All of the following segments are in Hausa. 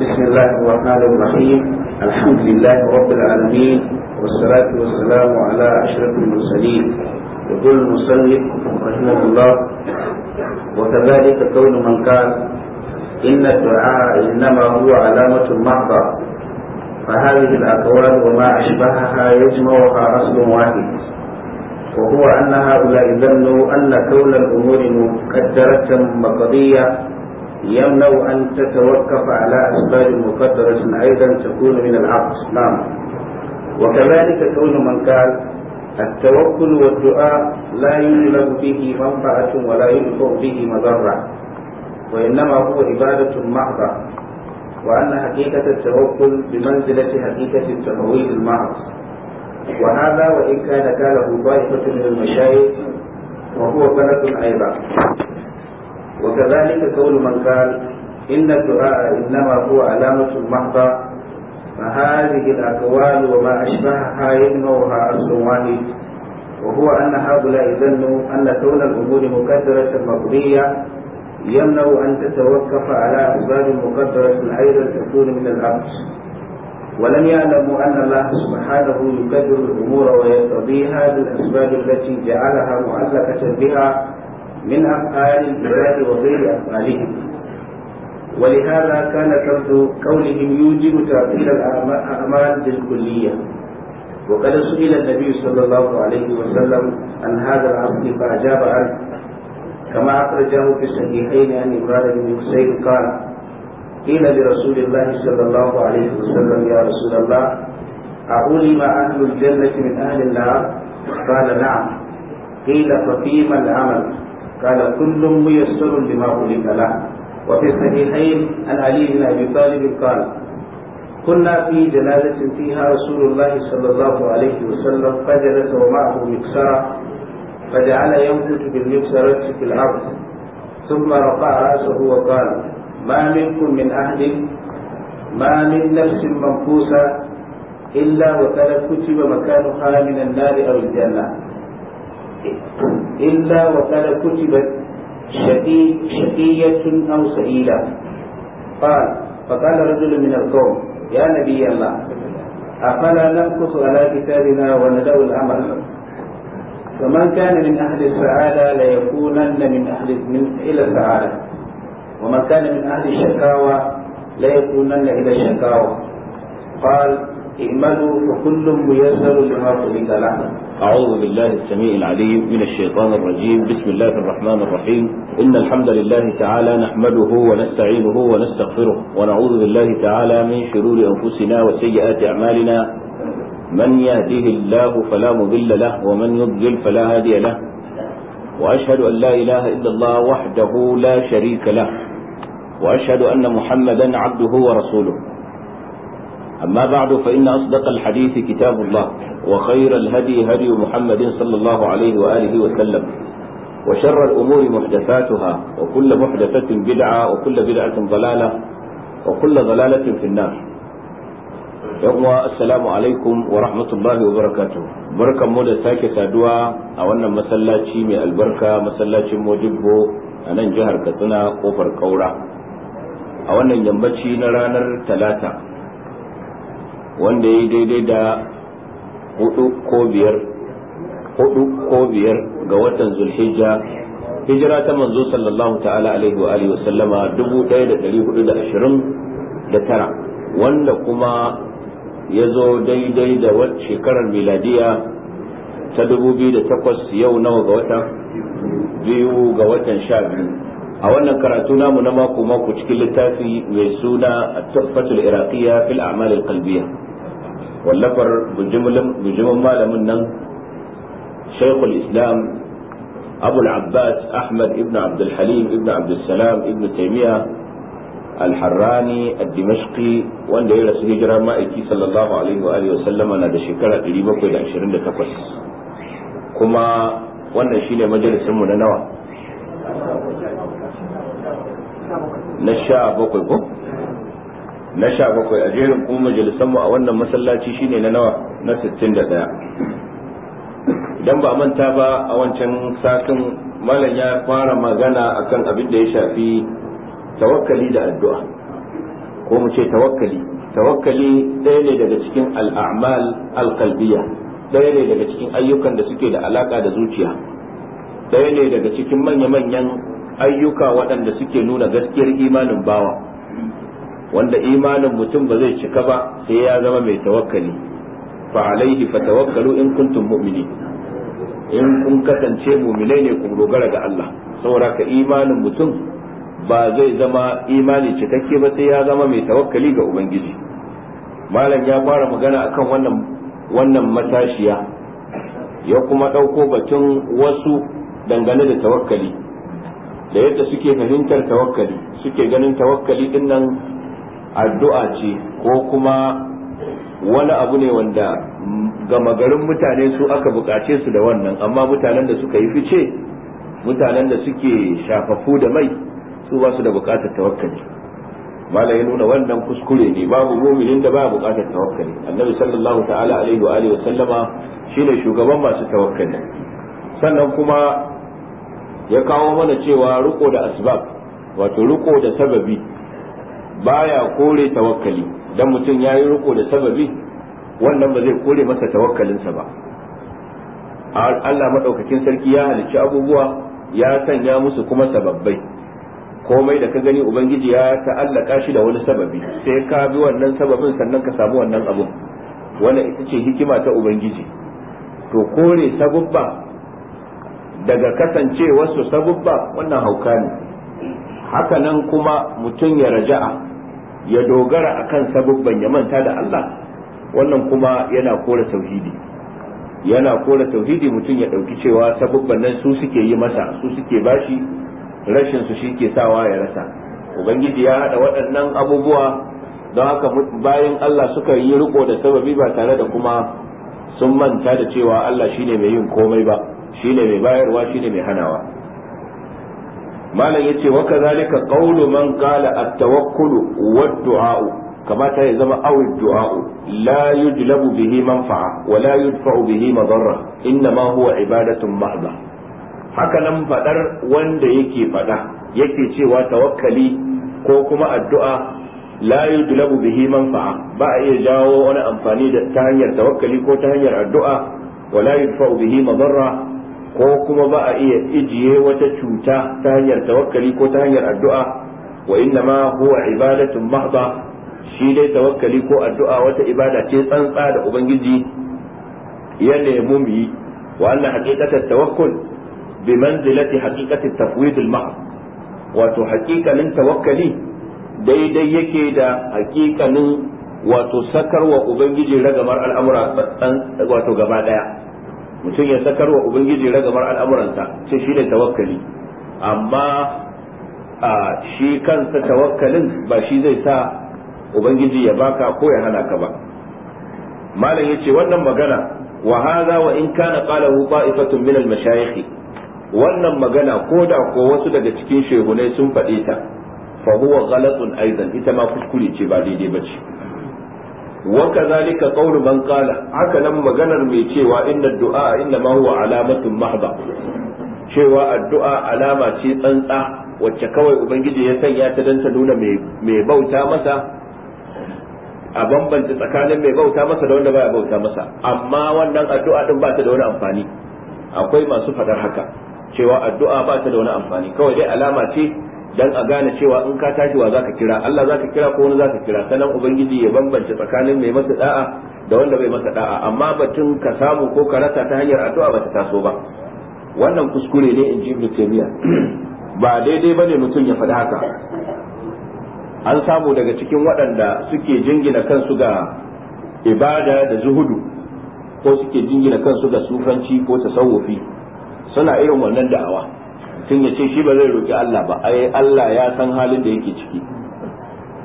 بسم الله الرحمن الرحيم الحمد لله رب العالمين والصلاة والسلام على أشرف المرسلين يقول المصنف رحمه الله وكذلك قول من قال إن الدعاء إنما هو علامة محضة فهذه الأقوال وما أشبهها يجمعها أصل واحد وهو أن هؤلاء ظنوا أن كون الأمور مقدرة مقضية يمنع أن تتوقف على أسباب مقدرة أيضا تكون من العقل نعم وكذلك كون من قال التوكل والدعاء لا يجلب به منفعة ولا ينفع به مضرة وإنما هو عبادة محضة وأن حقيقة التوكل بمنزلة حقيقة التمويل المحض وهذا وإن كان قاله طائفة من المشايخ وهو بلد أيضا وكذلك قول من قال إن الدعاء إنما هو علامة محضة فهذه الأقوال وما أشبهها يجمعها أصل واحد وهو أن هؤلاء ظنوا أن كون الأمور مقدرة مقضية يمنع أن تتوقف على أسباب مقدرة أيضا تكون من الأمر ولم يعلموا أن الله سبحانه يقدر الأمور ويقتضيها بالأسباب التي جعلها معلقة بها من أفعال العباد وغير أفعالهم ولهذا كان ترك كونهم يوجب تعطيل الأعمال بالكلية وقد سئل النبي صلى الله عليه وسلم عن هذا العصر فأجاب عنه كما أخرجه في الصحيحين عن إبراهيم بن حسين قال قيل لرسول الله صلى الله عليه وسلم يا رسول الله أعلم أهل الجنة من أهل النار قال نعم قيل ففيما العمل قال كل ميسر لما خلق له وفي الصحيحين عن علي بن ابي طالب قال كنا في جنازة فيها رسول الله صلى الله عليه وسلم فجلس ومعه مكسرة فجعل ينفذ بالمكسرة في الأرض ثم رفع رأسه وقال ما منكم من أهل ما من نفس منفوسة إلا وقد كتب مكانها من النار أو الجنة إلا وقد كتبت شقي شقية أو سئيلة قال فقال رجل من القوم يا نبي الله أفلا نمكث على كتابنا وندعو العمل فمن كان من أهل السعادة ليكونن من أهل من إلى السعادة ومن كان من أهل الشكاوى ليكونن إلى الشكاوى قال اعملوا فكل ميسر لما قلت له أعوذ بالله السميع العليم من الشيطان الرجيم بسم الله الرحمن الرحيم إن الحمد لله تعالى نحمده ونستعينه ونستغفره ونعوذ بالله تعالى من شرور أنفسنا وسيئات أعمالنا من يهديه الله فلا مضل له ومن يضلل فلا هادي له وأشهد أن لا إله إلا الله وحده لا شريك له وأشهد أن محمدا عبده ورسوله أما بعد فإن أصدق الحديث كتاب الله وخير الهدي هدي محمد صلى الله عليه وآله وسلم وشر الأمور محدثاتها وكل محدثة بدعة وكل بدعة ضلالة وكل ضلالة في النار يوم السلام عليكم ورحمة الله وبركاته بركة مودة ساكتة دعاء أولا مسلاتي من البركة مسلاتي موجبه أنا جهر كتنا قفر كورا أولا ينبتي نرانا ثلاثة wanda ya yi daidai da hudu ko biyar hudu ko biyar ga watan zulhijja hijira ta manzo sallallahu ta'ala alaihi wa alihi wasallama dubu ɗaya da ɗari hudu da ashirin da tara wanda kuma ya zo daidai da wata shekarar miladiya ta dubu biyu da takwas yau nawa ga watan biyu ga watan sha biyu a wannan karatu namu na mako mako cikin littafi mai suna at-tuhfatul iraqiyya fil a'mal al-qalbiyya wallafar bujimin malamin nan shaikhul islam abul abbas ahmad ibn abdulhalim ibn abdulsalam ibn taimiyya alharrani al wanda ya rasu hijira ma'aiki sallallahu alaihi wa alihi wasallama na da shekara 728 kuma wannan shine majalisinmu na nawa na sha bakwai ko na sha bakwai a jerin kuma majalisanmu a wannan masallaci shine na nawa na 61 idan ba a manta ba a wancan satin malam ya fara magana akan abin da ya shafi tawakkali da addu'a ko mu ce tawakkali tawakkali ɗaya ne daga cikin al'amal alqalbiya ɗaya ne daga cikin ayyukan da suke da alaka da zuciya ɗaya ne daga cikin manya-manyan ayyuka waɗanda suke nuna gaskiyar imanin bawa wanda imanin mutum ba zai cika ba sai ya zama mai tawakkali fa alaihi fa tawakkalu in kuntum mu'minin in kun kasance mu'minai ne ku dogara ga Allah saboda ka imanin mutum ba zai zama imani cikakke ba sai ya zama mai tawakkali ga ubangiji malam ya fara magana akan wannan wannan matashiya ya kuma ɗauko batun wasu dangane da tawakkali da yadda suke fahimtar tawakkali suke ganin tawakkali din nan addu'a ce ko kuma wani abu ne wanda gama garin mutane su aka bukace su da wannan amma mutanen da suka yi fice mutanen da suke shafafu da mai su ba su da bukatar tawakkali mala ya nuna wannan kuskure ne babu muminin da baya bukatar tawakkali annabi sallallahu ta'ala alaihi wa alihi sallama shine shugaban masu tawakkali sannan kuma ya kawo mana cewa riko da asbab wato riko da sababi baya kore tawakkali dan mutum ya yi riko da sababi wannan ba zai kore masa tawakkalinsa ba Allah maɗaukakin sarki ya halicci abubuwa ya sanya musu kuma sababbai komai da ka gani ubangiji ya ta'allaka shi da wani sababi sai ka bi wannan sababin sannan ka samu wannan abun wannan ita ce hikima ta ubangiji to kore sabubba daga kasancewarsu sabubba wannan hauka ne Haka nan kuma mutum ya raja'a ya dogara a kan sabubban ya manta da Allah wannan kuma yana kora tauhidi yana kora tauhidi mutum ya ɗauki cewa sabubban nan su suke yi masa su suke bashi rashin su shike sawa ya rasa ubangiji ya haɗa waɗannan abubuwa don haka bayan Allah suka yi riko da sababi ba tare da kuma sun manta da cewa Allah shine mai yin komai ba shine mai bayarwa shine mai hanawa malam yace wa kadhalika qawlu man qala at-tawakkulu wad-du'a kamata ya zama awi du'a la yujlabu bihi manfa'a wa la yudfa'u bihi madarra inma huwa ibadatun mahdha haka nan fadar wanda yake fada yake cewa tawakkali ko kuma addu'a la yujlabu bihi manfa'a ba a iya jawo wani amfani da ta hanyar tawakkali ko ta hanyar addu'a wa la yudfa'u bihi madarra ko kuma ba a iya ijiye wata cuta ta hanyar tawakkali ko ta hanyar addu'a wa inna ma huwa ibadatun mahda shi dai tawakkali ko addu'a wata ibada ce tsantsa da ubangiji ya nemi mu yi wa anna haqiqatat tawakkul bi manzilati haqiqatit tafwid al mahd wato haqiqanin tawakkali daidai yake da haqiqanin wato sakarwa ubangiji ragamar al'amura wato gaba daya mutum ya sakar wa ubangiji ragamar al'amuransa ce shi ne tawakkali amma a shi kansa tawakkalin ba shi zai sa ubangiji ya baka ko ya hana ka ba malam ya ce wannan magana wa hadha wa in kana hu qa'ifatun min al-mashayikh wannan magana ko da ko wasu daga cikin shehunai sun faɗe ta fa huwa ghalatun aidan ita ma kuskure ce ba daidai bace wa kadhalika qawlu man qala haka nan maganar mai cewa inna du'a inna ma huwa alamatun mahda cewa addu'a alama ce tsantsa wacce kawai ubangiji ya sanya ta dan ta nuna mai bauta masa a bambanta tsakanin mai bauta masa da wanda baya bauta masa amma wannan addu'a din ba ta da wani amfani akwai masu fadar haka cewa addu'a ba ta da wani amfani kawai dai alama ce dan a gane cewa in ka tashi wa zaka kira Allah zaka kira ko wani zaka kira sanan ubangiji ya bambance tsakanin mai masa da'a da wanda bai masa da'a amma batun ka samu ko ka rasa ta hanyar addu'a bata taso ba wannan kuskure ne in ji Ibn ba daidai bane mutum ya faɗi haka an samu daga cikin waɗanda suke jingina kansu ga ibada da zuhudu ko suke jingina kansu ga sufanci ko tasawufi suna irin wannan da'awa Tun ya ce shi ba zai roƙi Allah ba ai Allah ya san halin da yake ciki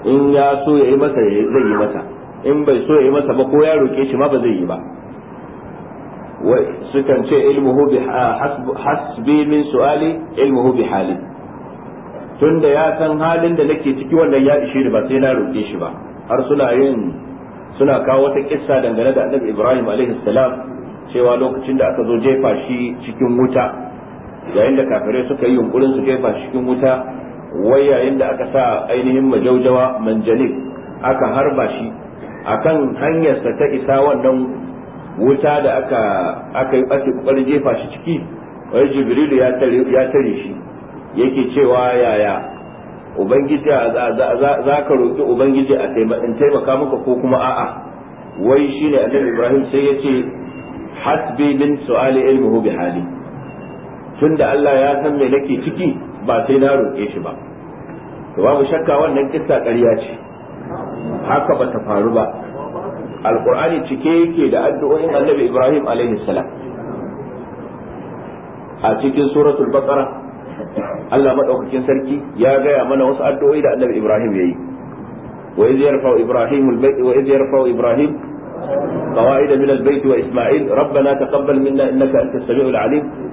in ya so ya yi masa zai yi masa in bai so ya yi masa ba ko ya roƙe shi ma ba zai yi ba sukan ce ilmuhu bi hasbi min su'ali ilmuhu bi hali tunda ya san halin da nake ciki wannan ya ishe ni ba sai na roƙe shi ba har suna yin suna kawo wata kissa dangane da annabi Ibrahim alaihi salam cewa lokacin da aka zo jefa shi cikin wuta yayin da kafirai suka yi yunkurin su kai cikin wuta wai yayin da aka sa ainihin majaujawa manjanik aka harba shi akan hanyarsa ta isa wannan wuta da aka aka ake jefa shi ciki wai Jibril ya tare ya tare shi yake cewa yaya ubangiji za ka roki ubangiji a taimaka maka ko kuma a'a wai shine annabi ibrahim sai ya ce hasbi min su'ali ilmihu bi hali Tun da Allah ya san me nake ciki ba sai na roƙe shi ba to babu shakka wannan kissa ƙarya ce haka ba ta faru ba alqur'ani cike yake da addu'o'in annabi Ibrahim alaihi salam a cikin suratul baqara Allah madaukakin sarki ya gaya mana wasu addu'o'i da annabi Ibrahim yayi wa iz yarfa'u Ibrahim al-bayt wa iz yarfa'u Ibrahim قواعد من البيت وإسماعيل ربنا تقبل منا إنك أنت السميع العليم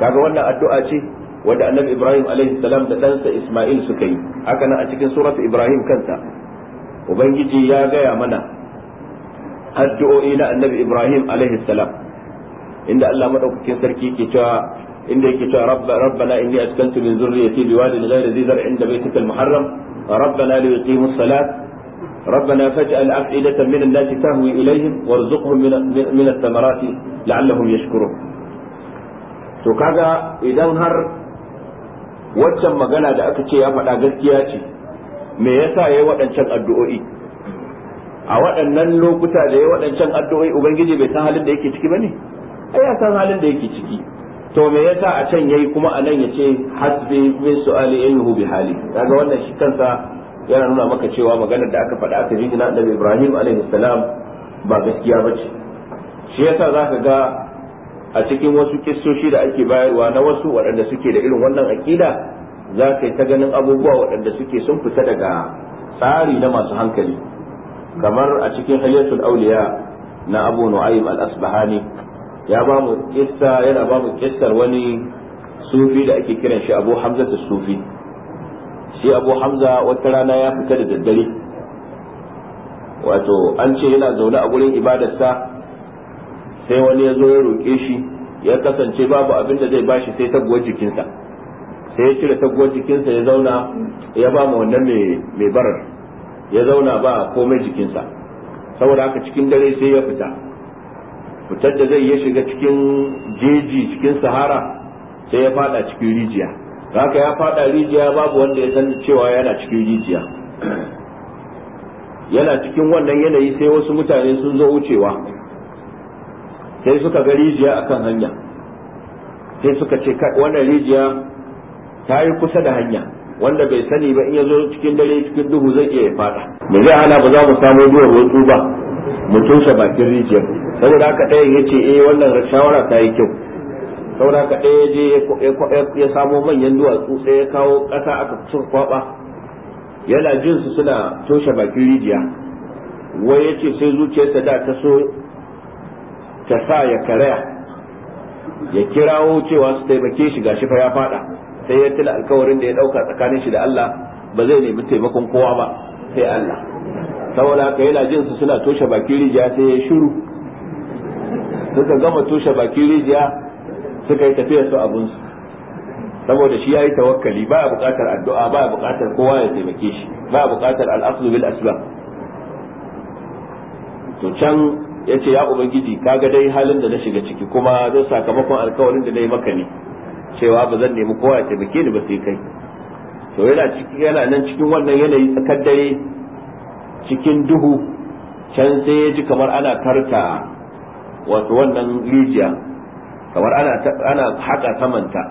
kaga wannan addu'a ce wanda annabi ibrahim alaihi salam da ɗansa isma'il suka yi haka nan a cikin suratu ibrahim kansa ubangiji ya gaya mana addu'o'i na annabi ibrahim alaihi salam inda allah madaukakin sarki ke cewa inda yake cewa rabbana inni askantu min zurriyyati biwadin ghayri dhi zar'in inda baytika al-muharram ربنا ليقيموا الصلاة ربنا فاجعل أفئدة من الناس تهوي إليهم وارزقهم من, من الثمرات لعلهم يشكرون to kaga idan har waccan magana da aka ce ya faɗa gaskiya ce me yasa yayi waɗancan addu'o'i a waɗannan lokuta da yayi waɗancan addu'o'i ubangiji bai san halin da yake ciki bane ai ya san halin da yake ciki to me yasa a can yayi kuma a nan yace hasbi min su'ali ilmuhu bi hali kaga wannan shi kansa yana nuna maka cewa maganar da aka faɗa aka jingina annabi Ibrahim alaihi salam ba gaskiya bace shi yasa zaka ga a cikin wasu kistoshi da ake bayarwa na wasu waɗanda suke da irin wannan aƙida za ka yi ta ganin abubuwa waɗanda suke sun fita daga tsari na masu hankali kamar a cikin hayyatul auliya na abu nu'aym al-asbahani ya ba mu kissa yana ba mu kissar wani sufi da ake kiran shi abu hamza ta sufi shi abu hamza wata rana ya fita da daddare wato an ce yana zaune a wurin ibadarsa sai wani ya zo ya roƙe shi ya kasance babu abin da zai bashi sai taguwar jikinsa sai ya cire taguwar jikinsa ya zauna ya ba mu wannan mai barar ya zauna ba komai jikinsa saboda haka cikin dare sai ya fita fitar da zai ya shiga cikin jeji cikin sahara sai ya fada cikin rijiya haka ya fada rijiya babu wanda ya san cewa yana cikin rijiya yana cikin wannan yanayi sai wasu mutane sun zo wucewa sai suka ga rijiya akan hanya sai suka ce wannan rijiya ta yi kusa da hanya wanda bai sani ba in ya zo cikin dare cikin duhu zai iya fada me zai hana ba za mu samu duwar wasu ba mu toshe bakin rijiyar saboda haka ɗayan ya ce eh wannan shawara ta yi kyau saboda haka ɗaya je ya samo manyan duwatsu sai ya kawo ƙasa aka suka kwaba yana jin su suna toshe bakin rijiya wai ya ce sai zuciyarsa da ta so ta sa ya karaya ya kirawo cewa su taimake shi gashi fa ya fada sai ya tila alkawarin da ya dauka tsakanin shi da Allah ba zai nemi taimakon kowa ba sai Allah saboda haka yana jin su suna toshe bakin rijiya sai ya shiru suka gama toshe bakin rijiya suka yi tafiya su abun su saboda shi yayi tawakkali ba ya buƙatar addu'a ba ya buƙatar kowa ya taimake shi ba ya buƙatar al'aqdu bil asbab to can ya ce ya ubangiji kaga dai halin da na shiga ciki kuma zan sakamakon alkawarin da na yi maka ne cewa ba zan nemi kowa ya taimake ni ba sai kai to yana ciki yana nan cikin wannan yanayi tsakar dare cikin duhu can sai ya ji kamar ana tarta wato wannan rijiya kamar ana ana haka samanta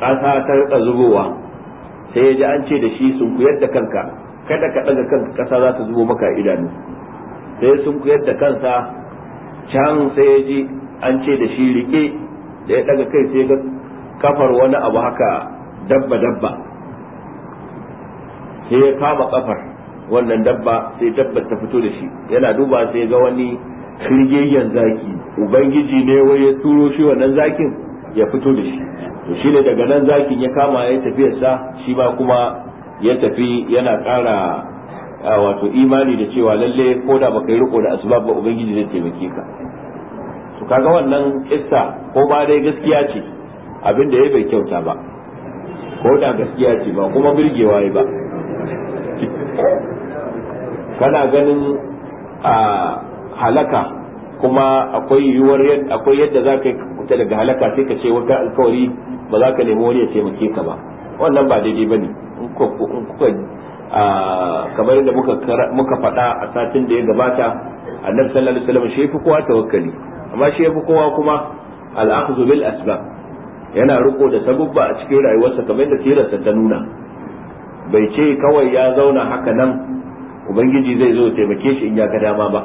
ƙasa ta rika zubowa sai ya ji an ce da shi sun kuyar da kanka kada ka ɗaga kanka ƙasa za ta zubo maka idanu sai sun kuyar da kansa can sai ya ji an ce da shi rike da ya daga kai sai ga kafar wani abu haka dabba dabba sai ya kama kafar wannan dabba sai dabba ta fito da shi yana duba sai ga wani shirgiyyen zaki ubangiji ne wai ya turo shi wannan zakin ya fito da shi to shi ne daga nan zakin ya kama ya tafiyarsa shi ba kuma ya tafi yana ƙara wato imani da cewa lalle ko da baka yi riko da asbab ba ubangiji zai taimake ka to kaga wannan kissa ko ba dai gaskiya ce abin da yayi bai kyauta ba ko da gaskiya ce ba kuma birgewa yi ba kana ganin a halaka kuma akwai yiwuwar akwai yadda za ka yi kuta daga halaka sai ka ce wata alkawari ba za ka nemi wani ya taimake ka ba wannan ba daidai ba ne kamar yadda muka faɗa a satin da ya gabata annabi sallallahu alaihi wasallam shi kowa tawakkali amma shi kowa kuma al'akhdhu bil asbab yana riko da sabubba a cikin rayuwarsa kamar yadda sirarsa ta nuna bai ce kawai ya zauna haka nan ubangiji zai zo taimake shi in ya ga dama ba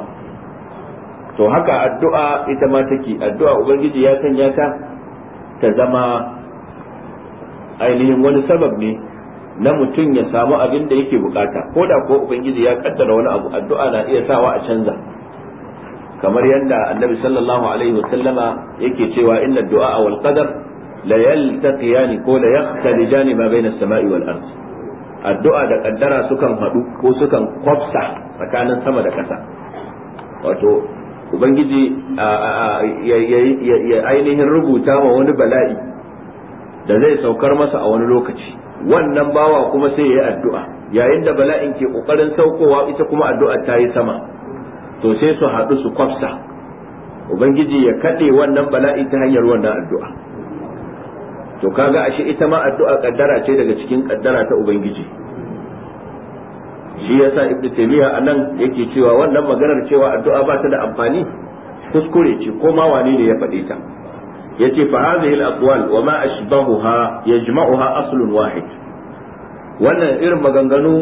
to haka addu'a ita ma take addu'a ubangiji ya sanya ta ta zama ainihin wani sabab ne na mutum ya samu abin da yake bukata ko da ko ubangiji ya kaddara wani abu addu'a na iya sawa a canza kamar yadda annabi sallallahu alaihi wasallama yake cewa inna du'a wal qadar la yaltaqiyani ko la yakhtalijani ma bayna as-sama'i wal ard addu'a da kaddara sukan hadu ko sukan kwafsa tsakanin sama da ƙasa wato ubangiji ya ainihin rubuta wa wani bala'i da zai saukar masa a wani lokaci wannan bawa kuma sai ya yi addu'a yayin da bala'in ke ƙoƙarin saukowa ita kuma addu'a ta yi sama to sai su haɗu su kwafsa ubangiji ya kaɗe wannan bala'i ta hanyar wannan addu'a to kaga ashe ita ma addu'a kaddara ce daga cikin kaddara ta ubangiji shi yasa ibn taymiya anan yake cewa wannan maganar cewa addu'a ba ta da amfani kuskure ce ko ma wane ne ya faɗe ta yace fa hadhihi al-aqwal wa ma ashbahuha yajma'uha aslun wahid wannan irin maganganu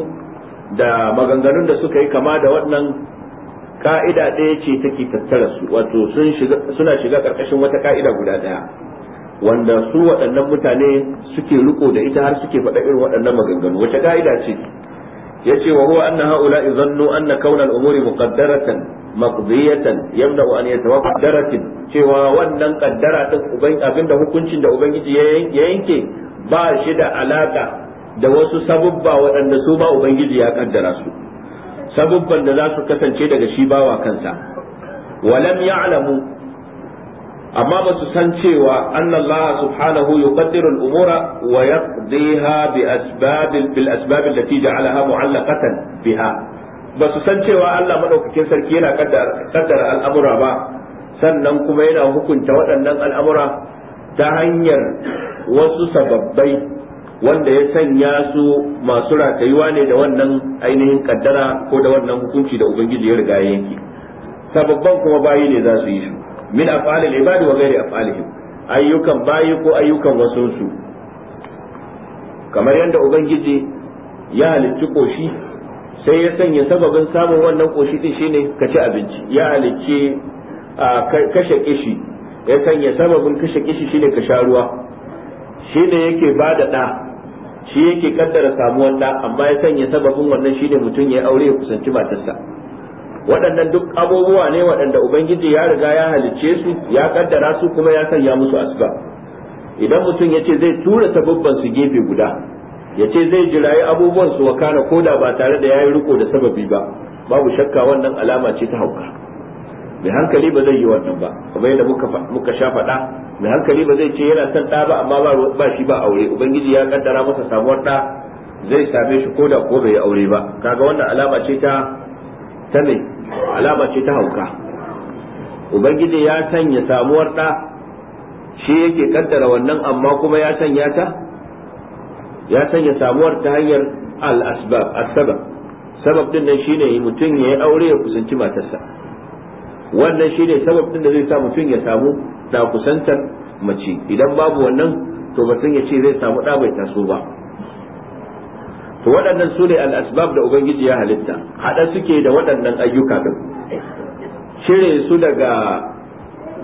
da maganganun da suka yi kama da wannan ka'ida ɗaya ce take tattara su wato sun shiga suna shiga karkashin wata ka'ida guda ɗaya wanda su waɗannan mutane suke riko da ita har suke faɗa irin waɗannan maganganu wata ka'ida ce yace wa huwa anna ha'ula'i zannu anna kauna al-umuri muqaddaratan maqdiyatan yabda an yatawaffa daratin cewa wannan kaddara ta abinda hukuncin da ubangiji ya yanke ba shi da alaƙa da wasu sabubba waɗanda su ba ubangiji ya kaddara su sabubban da za su kasance daga shi bawa kansa walam ya'lamu amma ba su san cewa annallaha subhanahu yuqaddiru al-umura wa yaqdiha bi asbabil bil asbab allati ja'alaha mu'allaqatan biha ba su san cewa Allah madaukakin sarki yana kaddara al'amura ba sannan kuma yana hukunta waɗannan al'amura ta hanyar wasu sababbai wanda ya sanya su masu ratayuwa ne da wannan ainihin kaddara ko da wannan hukunci da ubangiji ya riga yanki. sababban kuma bayi ne za su yi su min af'alil ibadi wa ghairi af'alihim ayyukan bayi ko ayyukan wasunsu kamar yadda ubangiji ya halicci koshi sai ya sanya sababin samun wannan koshi din shine ka ci abinci ya halicci kashe kishi ya sanya sababin kashe kishi shine ka sha ruwa shine yake ba da ɗa shi yake kaddara samuwar ɗa amma ya sanya sababin wannan shine mutum ya aure ya kusanci matarsa waɗannan duk abubuwa ne waɗanda ubangiji ya riga ya halicce su ya kaddara su kuma ya sanya musu asuba idan mutum ya ce zai tura sababban su gefe guda Ya ce zai jirayi abubuwan su wakana da ba tare da yayi riko da sababi ba babu shakka wannan alama ce ta hauka mai hankali ba zai yi wannan ba kamar yadda muka muka sha faɗa mai hankali ba zai ce yana son ɗa ba amma ba shi ba aure ubangiji ya kaddara masa samuwar ɗa zai same shi ko da ko bai yi aure ba kaga wannan alama ce ta ta me alama ce ta hauka ubangiji ya sanya samuwar ɗa shi yake kaddara wannan amma kuma ya sanya ta ya sanya samuwar ta hanyar al-asbab as-sabab din nan shine mutum ya yi aure ya kusanci matarsa wannan shine sabab din da zai sa mutum ya samu da kusantar mace idan babu wannan to mutum ya ce zai samu da bai taso ba to waɗannan su ne al-asbab da ubangiji ya halitta hada suke da waɗannan ayyuka din cire su daga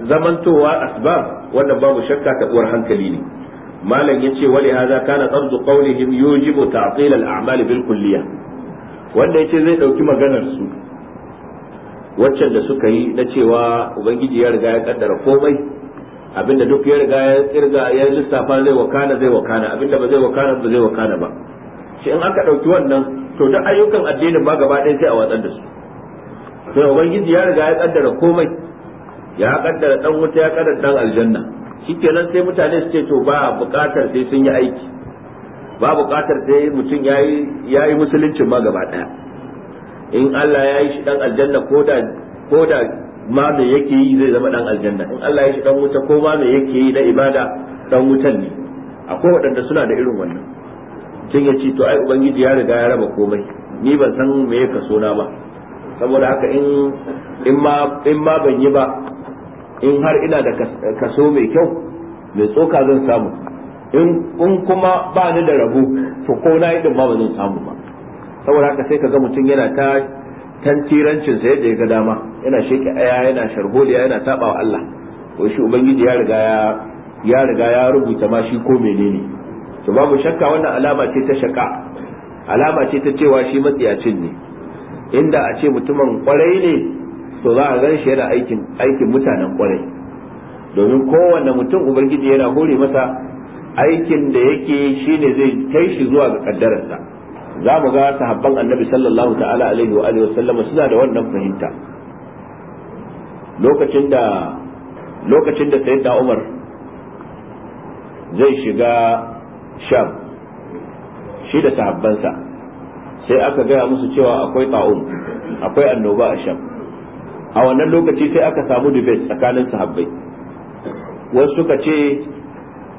zamantowa asbab wannan babu shakka ta uwar hankali ne malam yace wali hadha kana qardu qawlihim yujibu ta'til al-a'mal bil kulliyah wanda yace zai dauki maganar su waccan da suka yi na cewa ubangiji ya riga ya kaddara komai abinda duk ya riga ya kirga ya lissafa zai wakana zai wakana abinda ba zai wakana ba zai wakana ba shi in aka dauki wannan to duk ayyukan addinin ba gaba ɗaya sai a watsar da su sai ubangiji ya riga ya kaddara komai ya kaddara dan wuta ya kaddara dan aljanna shikenan sai mutane su ce to ba buƙatar sai sun yi aiki ba buƙatar sai mutum ya yi musuluncin ma gaba ɗaya in Allah ya yi shi ɗan aljanna ko da ma me yake yi zai zama ɗan aljanna in Allah ya yi shi ɗan wuta ko ma me yake yi na ibada ɗan wutan ne akwai waɗanda suna da irin wannan tun ya ce to ai ubangiji ya riga ya raba komai ni ban san me ya kaso na ba saboda haka in ma ban yi ba in har ina da kaso mai kyau mai tsoka zan samu in kuma ba ni da rabu to ko na yi din ba zan samu ba saboda haka sai ka ga mutum yana ta tantirancin sa yadda ya ga dama yana sheke aya yana sharholiya yana taba wa Allah ko shi ubangiji ya riga ya ya riga ya rubuta ma shi ko menene to babu shakka wannan alama ce ta shaka alama ce ta cewa shi matsiyacin ne inda a ce mutumin kwarai ne to za a gan shi yana aikin aikin mutanen kwarai domin kowanne mutum ubangiji yana hore masa aikin da yake shine zai kai shi zuwa ga kaddararsa za mu ga sahabban annabi sallallahu ta'ala alaihi wa alihi wasallama suna da wannan fahimta lokacin da lokacin da sayyidina Umar zai shiga Sham shi da sahabbansa sai aka gaya musu cewa akwai ta'um akwai annoba a Sham a wannan lokaci sai aka samu debate tsakanin sahabbai wasu suka ce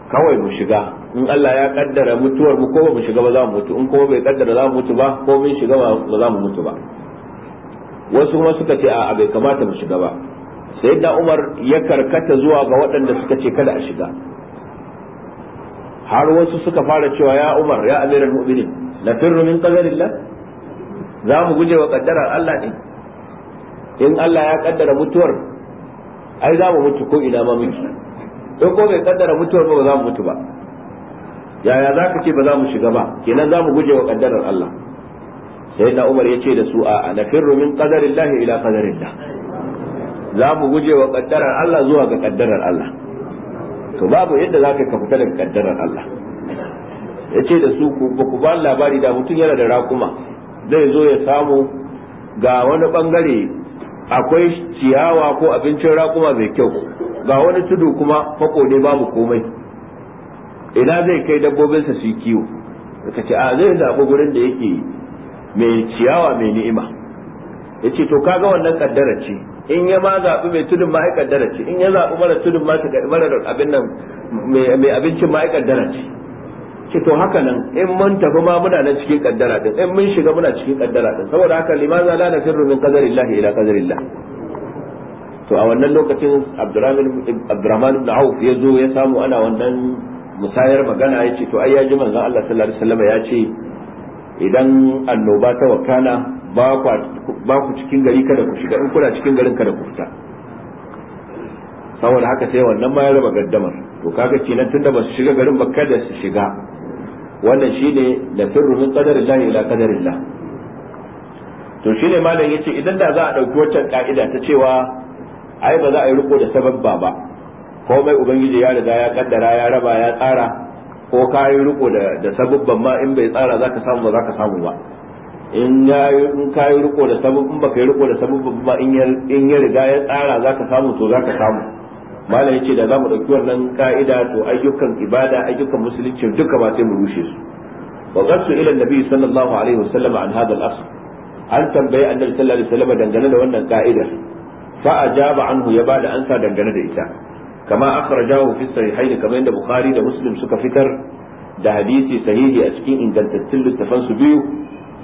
kawai mu shiga in Allah ya kaddara mutuwar mu ko ba mu shiga ba za mu mutu in kuma bai kaddara za mu mutu ba ko mun shiga ba za mu mutu ba wasu kuma suka ce a bai kamata mu shiga ba sai da Umar ya karkata zuwa ga waɗanda suka ce kada a shiga har wasu suka fara cewa ya Umar ya Amirul Mu'minin la firru min qadarillah za mu guje wa kaddarar Allah ne in Allah ya kaddara mutuwar ai za mu mutu ko ina ma muke in ko bai kaddara mutuwar ba ba za mu mutu ba yaya za ka ce ba za mu shiga ba kenan za mu guje wa kaddarar Allah sai na Umar ya ce da su a'a na firru min qadarillah ila qadarillah za mu guje wa kaddarar Allah zuwa ga kaddarar Allah to babu yadda za ka fita daga kaddarar Allah ya ce da su ba ku ba labari da mutum yana da raƙuma zai zo ya samu ga wani bangare akwai ciyawa ko abincin raƙuma mai kyau ga wani tudu kuma fako ne babu komai ina zai kai dabbobinsa su yi kiwo ka ce a zai zaɓi gurin da yake mai ciyawa mai ni'ima Yace to kaga wannan kaddara ce in ya ma zaɓi mai tudun ma ya kaddara ce in ya zaɓi mara tudun ma abin nan mai abincin ma ya kaddara ce ce to haka nan in mun tafi ma muna nan cikin kaddara din in mun shiga muna cikin kaddara din saboda haka limaza la nafirru min llahi ila llah to a wannan lokacin Abdurrahman ibn Auf ya zo ya samu ana wannan musayar magana ya ce to ai ya ji manzon Allah sallallahu alaihi wasallam ya ce idan annoba ta wakana ba ku cikin gari kada ku shiga in kuna cikin garin kada ku fita saboda haka sai wannan ma ya raba gaddamar to kaga kenan tunda ba su shiga garin ba kada su shiga wannan shine la firru min qadarillah ila Allah to ne malam yace idan da za a ɗauki wancan ka'ida ta cewa ai ba za a yi riko da sabab ba Ko mai ubangiji ya riga ya kaddara ya raba ya tsara ko ka yi riko da da sababban ma in bai tsara zaka samu ba zaka samu ba in ya in ka yi riko da sababban ba ka yi riko da sabab ba in ya riga ya tsara zaka samu to zaka samu malam ce da zamu ɗauki wannan ka'ida to ayyukan ibada ayyukan musulunci duka ba sai mu rushe su wa qasu ila annabi sallallahu alaihi wasallam an hada al an tambaye annabi sallallahu alaihi wasallam dangane da wannan ka'idar fa ajaba anhu ya bada ansa dangane da ita kama akhrajahu fi sahihain kamar da bukhari da muslim suka fitar da hadisi sahihi a cikin ingantattun littafan su biyu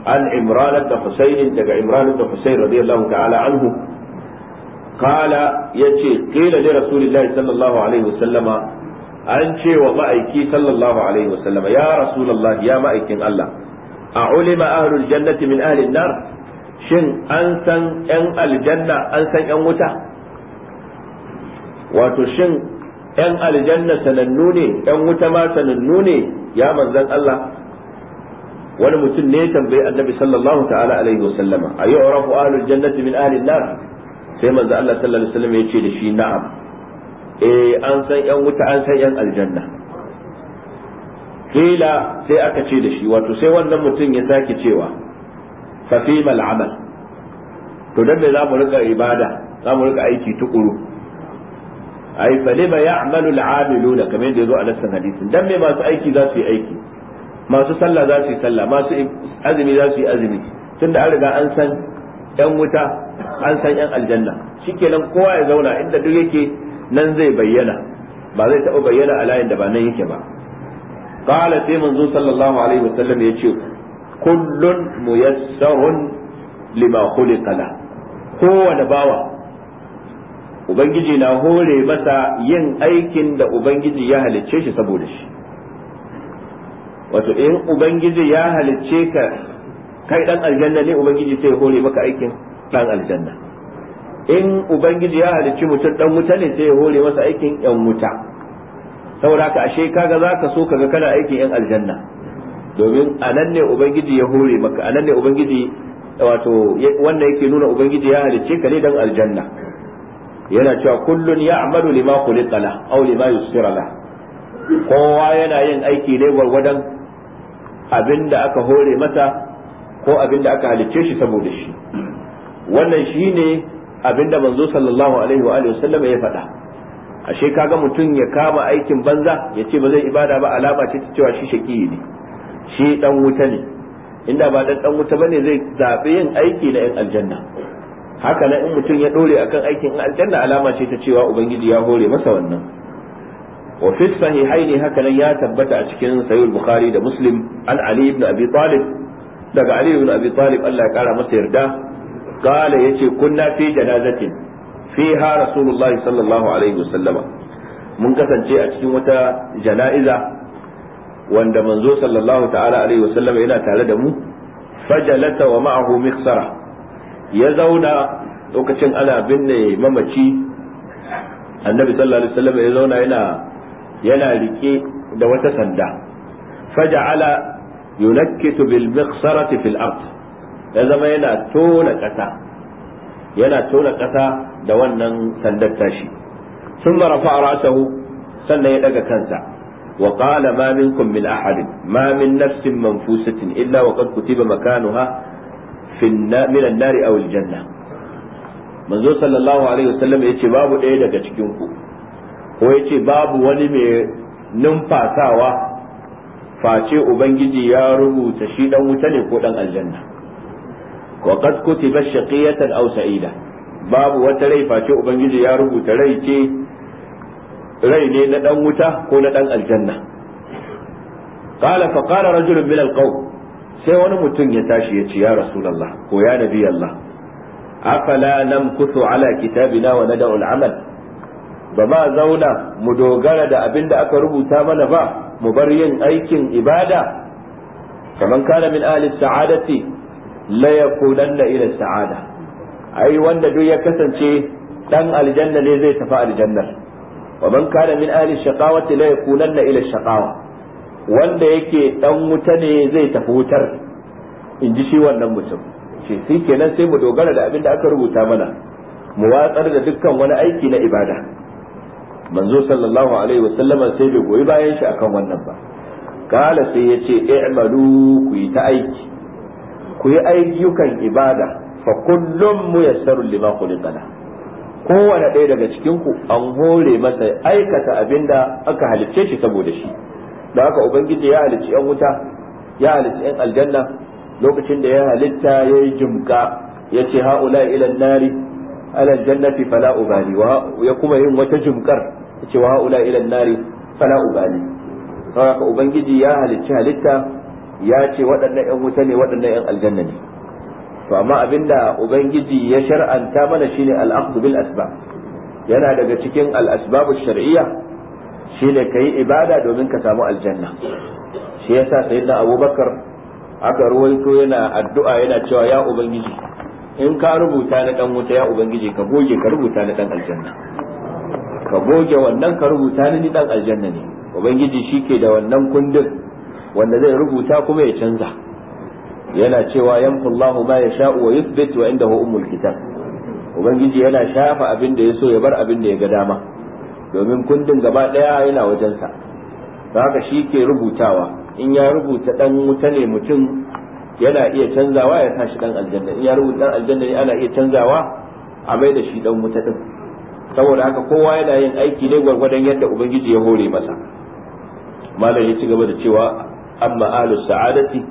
an imran da husayn daga imran da husayn radiyallahu ta'ala anhu qala yace qila li rasulillahi sallallahu alaihi wasallama an ce wa ma'aiki sallallahu alaihi wasallama ya rasulullah ya ma'aikin Allah a ulima ahlul jannati min ahlin nar shin an san yan aljanna an wuta sanannu ne yan wuta ma sanannu ne ya manzon Allah wani mutum ne tambayi annabi sallallahu ta'ala alaihi wasallama jannati min sai manzo Allah sallallahu alaihi wasallam yace ce da shi na'am eh an san yan wuta an san yan aljanna kila sai aka ce da shi wato sai wannan mutum ya sake cewa fa fi mal amal to dan za mu rika ibada za mu rika aiki tukuru ai fa lima ya'malu al-amiluna kamar yadda yazo a nassan hadisin dan me masu aiki za su yi aiki masu sallah za su yi sallah masu azumi za su yi azumi tunda an riga an san yan wuta an san yan aljanna shikenan kowa ya zauna inda duk yake nan zai bayyana ba zai taɓa bayyana a layin da ba nan yake ba qala sai manzo sallallahu alaihi wasallam yace kullun muyassarun lima khuliqa la kowane bawa ubangiji na hore masa yin aikin da ubangiji ya halicce shi saboda shi wato in ubangiji ya halicce ka kai dan aljanna ne ubangiji sai hore maka aikin kan aljanna in ubangiji ya halicci mutum dan wuta ne sai ya hore masa aikin yan wuta saboda ka ashe kaga zaka so kaga kana aikin yan aljanna domin anan ne ubangiji ya hore maka anan ne ubangiji wato wannan yake nuna ubangiji ya halicce ka ne dan aljanna yana cewa kullun ya'malu lima khuliqa la aw lima yusira la kowa yana yin aiki ne abin abinda aka hore masa ko abinda aka halicce shi saboda shi wannan shi shine abinda manzo sallallahu alaihi wa alihi wasallam ya faɗa ashe kaga mutum ya kama aikin banza ya ce ba zai ibada ba alama ce ta cewa shi shaki ne shi dan wuta ne inda ba dan dan wuta bane zai zabe yin aiki na yan aljanna haka nan in mutum ya dore akan aikin aljanna alama ce ta cewa ubangiji ya hore masa wannan wa fi sahihaini haka nan ya tabbata a cikin sahih bukhari da muslim an ali ibn abi talib daga ali ibn abi talib Allah ya kara masa yarda قال يتي كنا في جنازة فيها رسول الله صلى الله عليه وسلم من كسن شيء أتكين جنائزة وند منزو صلى الله تعالى عليه وسلم إلى تعالى دمو فجلت ومعه مخسرة يزونا lokacin ana binne mamaci annabi sallallahu alaihi wasallam ya zauna yana yana rike da wata sanda faja'ala yunakkitu bil miqsarati fil ard ya zama yana tona ƙasa yana tona ƙasa da wannan sandar tashi sun mara fa'arasahu sannan ya daga kansa wa qala ma minkum min ahadin ma min nafsin manfusatin illa wa qad kutiba makanuha fi min an-nar aw al-janna manzo sallallahu alaihi wasallam yace babu ɗaya daga cikin ku ko yace babu wani mai numfasawa face ubangiji ya rubuta shi dan wuta ne ko dan aljanna wa qad kutiba shaqiyatan aw sa'ida babu wata rai face ubangiji ya rubuta rai ne na ɗan wuta ko na ɗan aljanna qala fa qala rajulun min alqawm sai wani mutum ya tashi ya ci ya rasulullah ko ya nabi allah afala namkuthu ala kitabina wa nad'u al'amal ba ma zauna mu dogara da abin da aka rubuta mana ba mu bar yin aikin ibada kaman kana min ahli sa'adati la da ila sa'ada ai wanda duk ya kasance dan aljanna ne zai tafi aljannar wa man kana min ahli shaqawati la da ila shaqawa wanda yake dan wuta ne zai tafi wutar in ji shi wannan mutum shi sai kenan sai mu dogara da abin da aka rubuta mana mu watsar da dukkan wani aiki na ibada manzo sallallahu alaihi wasallama sai bai goyi bayan shi akan wannan ba kala sai ya ce i'malu ku yi ta aiki ku yi ayyukan ibada fa kullum muyassarun lima khuliqa kala. kowane ɗaya daga cikinku an hore masa aikata abin da aka halicce shi saboda shi da haka ubangiji ya halicci yan wuta ya halicci yan aljanna lokacin da ya halitta ya yi jimka ya ce ha'ula ilan nari alal jannati fala ubali wa ya kuma yin wata jimkar ya ce wa ha'ula ilan nari fala ubali haka ubangiji ya halicci halitta ya ce waɗannan 'yan wuta ne waɗannan 'yan aljanna ne to amma abinda ubangiji ya shar'anta mana shine al bil asbab yana daga cikin al-asbab shariyya shine kai ibada domin ka samu aljanna shi yasa sayyidina abubakar aka ruwaito yana addu'a yana cewa ya ubangiji in ka rubuta na dan wuta ya ubangiji ka goge ka rubuta na dan aljanna ka goge wannan ka rubuta ni dan aljanna ne ubangiji shike da wannan kundin wanda zai rubuta kuma ya canza yana cewa yamhullahu ma sha wa yuthbit wa indahu ummul kitab ubangiji yana shafa abin da ya so ya bar abin da ya ga dama domin kundin gaba daya yana wajensa haka shi ke rubutawa in ya rubuta dan wuta ne mutum yana iya canzawa ya tashi dan aljanna in ya rubuta dan aljanna ne ana iya canzawa a mai da shi dan wuta din saboda haka kowa yana yin aiki ne gwargwadon yadda ubangiji ya hore masa malam ya ci gaba da cewa أما أهل السعادة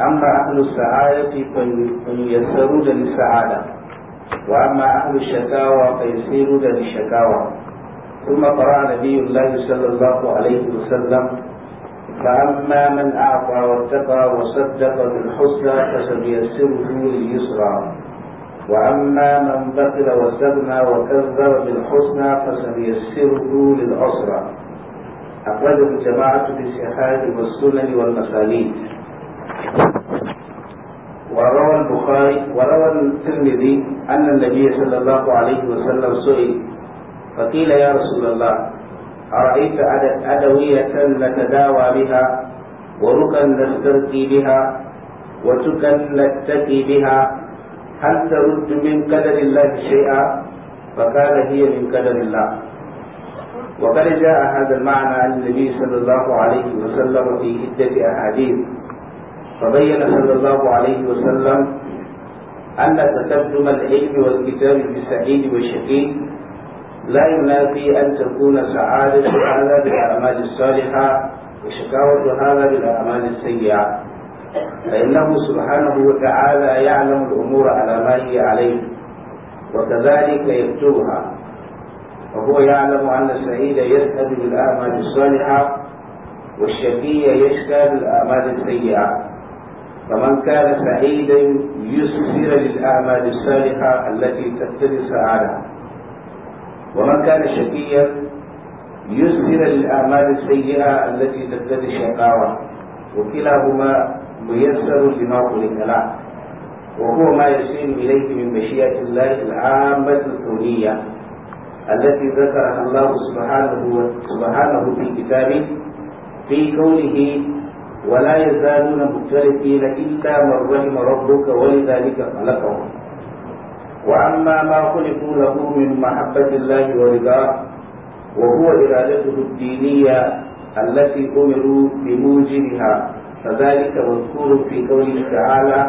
أما أهل السعادة فييسرون للسعادة وأما أهل الشكاوى فيسيرون للشكاوى ثم قرأ نبي الله صلى الله عليه وسلم فأما من أعطى واتقى وصدق بالحسنى فسنيسره لليسرى وأما من بخل واستغنى وكذب بالحسنى فسنيسره للعسرى أخرجه الجماعة بالشهادة والسنن والمسانيد وروى البخاري وروى الترمذي أن النبي صلى الله عليه وسلم سئل فقيل يا رسول الله أرأيت أدوية نتداوى بها ورقا نسترقي بها وتكا نتقي بها هل ترد من قدر الله شيئا فقال هي من قدر الله وقد جاء هذا المعنى عن النبي صلى الله عليه وسلم في عدة أحاديث فبين صلى الله عليه وسلم أن تقدم العلم والكتاب بالسعيد والشقي لا ينافي أن تكون سعادة هذا بالأعمال الصالحة وشكاوة هذا بالأعمال السيئة فإنه سبحانه وتعالى يعلم الأمور على ما هي عليه وكذلك يكتبها وهو يعلم أن السعيد يذهب بالأعمال الصالحة والشقي يشكى بالأعمال السيئة فمن كان سعيدا يسر للأعمال الصالحة التي تقتضي السعادة ومن كان شقيا يسر للأعمال السيئة التي تقتضي الشقاوة وكلاهما ميسر لما خلق له وهو ما يسير إليه من مشيئة الله العامة الكونية التي ذكرها الله سبحانه سبحانه في كتابه في قوله ولا يزالون مختلفين إلا من رحم ربك ولذلك خلقهم وأما ما خلقوا له من محبة الله ورضاه وهو إرادته الدينية التي أمروا بموجبها فذلك مذكور في قوله تعالى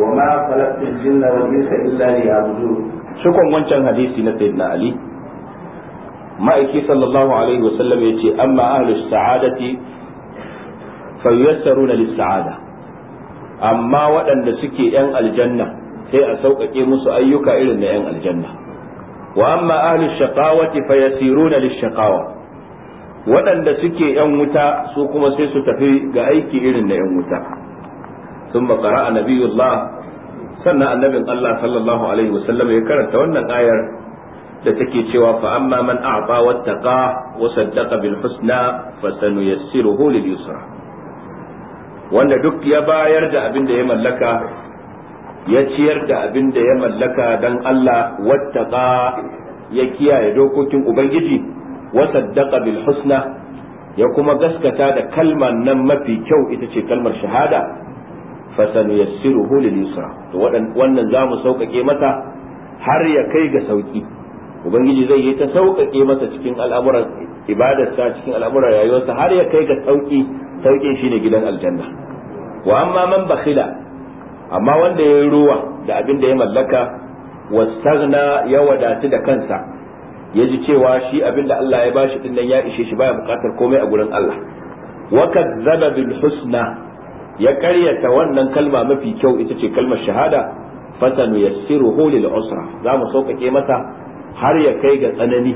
وما خلقت الجن والإنس إلا ليعبدون شكرا وانشان حديثي سيدنا علي ma'aiki sallallahu alaihi wasallam ya ce amma ahlus sa'adati fa yuyassaruna lis-sa'ada amma waɗanda suke yan aljanna sai a sauƙaƙe musu ayyuka irin na yan aljanna wa amma ahlus shaqawati fa yasiruna lish-shaqawa waɗanda suke yan wuta su kuma sai su tafi ga aiki irin na yan wuta ثم قرأ نبي الله sannan annabin Allah sallallahu alaihi wasallam ya karanta wannan ayar da take cewa fa amma man a'ta wattaqa wa saddaqa bil husna fa sanuyassiruhu lil yusra wanda duk ya bayar da abin da ya mallaka ya ciyar da abin da ya mallaka dan Allah wattaqa ya kiyaye dokokin ubangiji wa saddaqa bil husna ya kuma gaskata da kalmar nan mafi kyau ita ce kalmar shahada fa sanuyassiruhu lil yusra to wannan zamu sauƙaƙe mata har ya kai ga sauƙi. ubangiji zai yi ta sauƙaƙe masa cikin al'amuran ibadarsa cikin al'amuran rayuwarsa har ya kai ga sauƙi sauƙin shine gidan aljanna wa amma man bakhila amma wanda ya yi ruwa da abin da ya mallaka wastagna ya wadatu da kansa ya ji cewa shi abin da Allah ya bashi din nan ya ishe shi baya buƙatar komai a gurin Allah wa kadzaba bil husna ya karyata wannan kalma mafi kyau ita ce kalmar shahada fasanu yassiruhu lil usra za mu sauƙaƙe masa har ya kai ga tsanani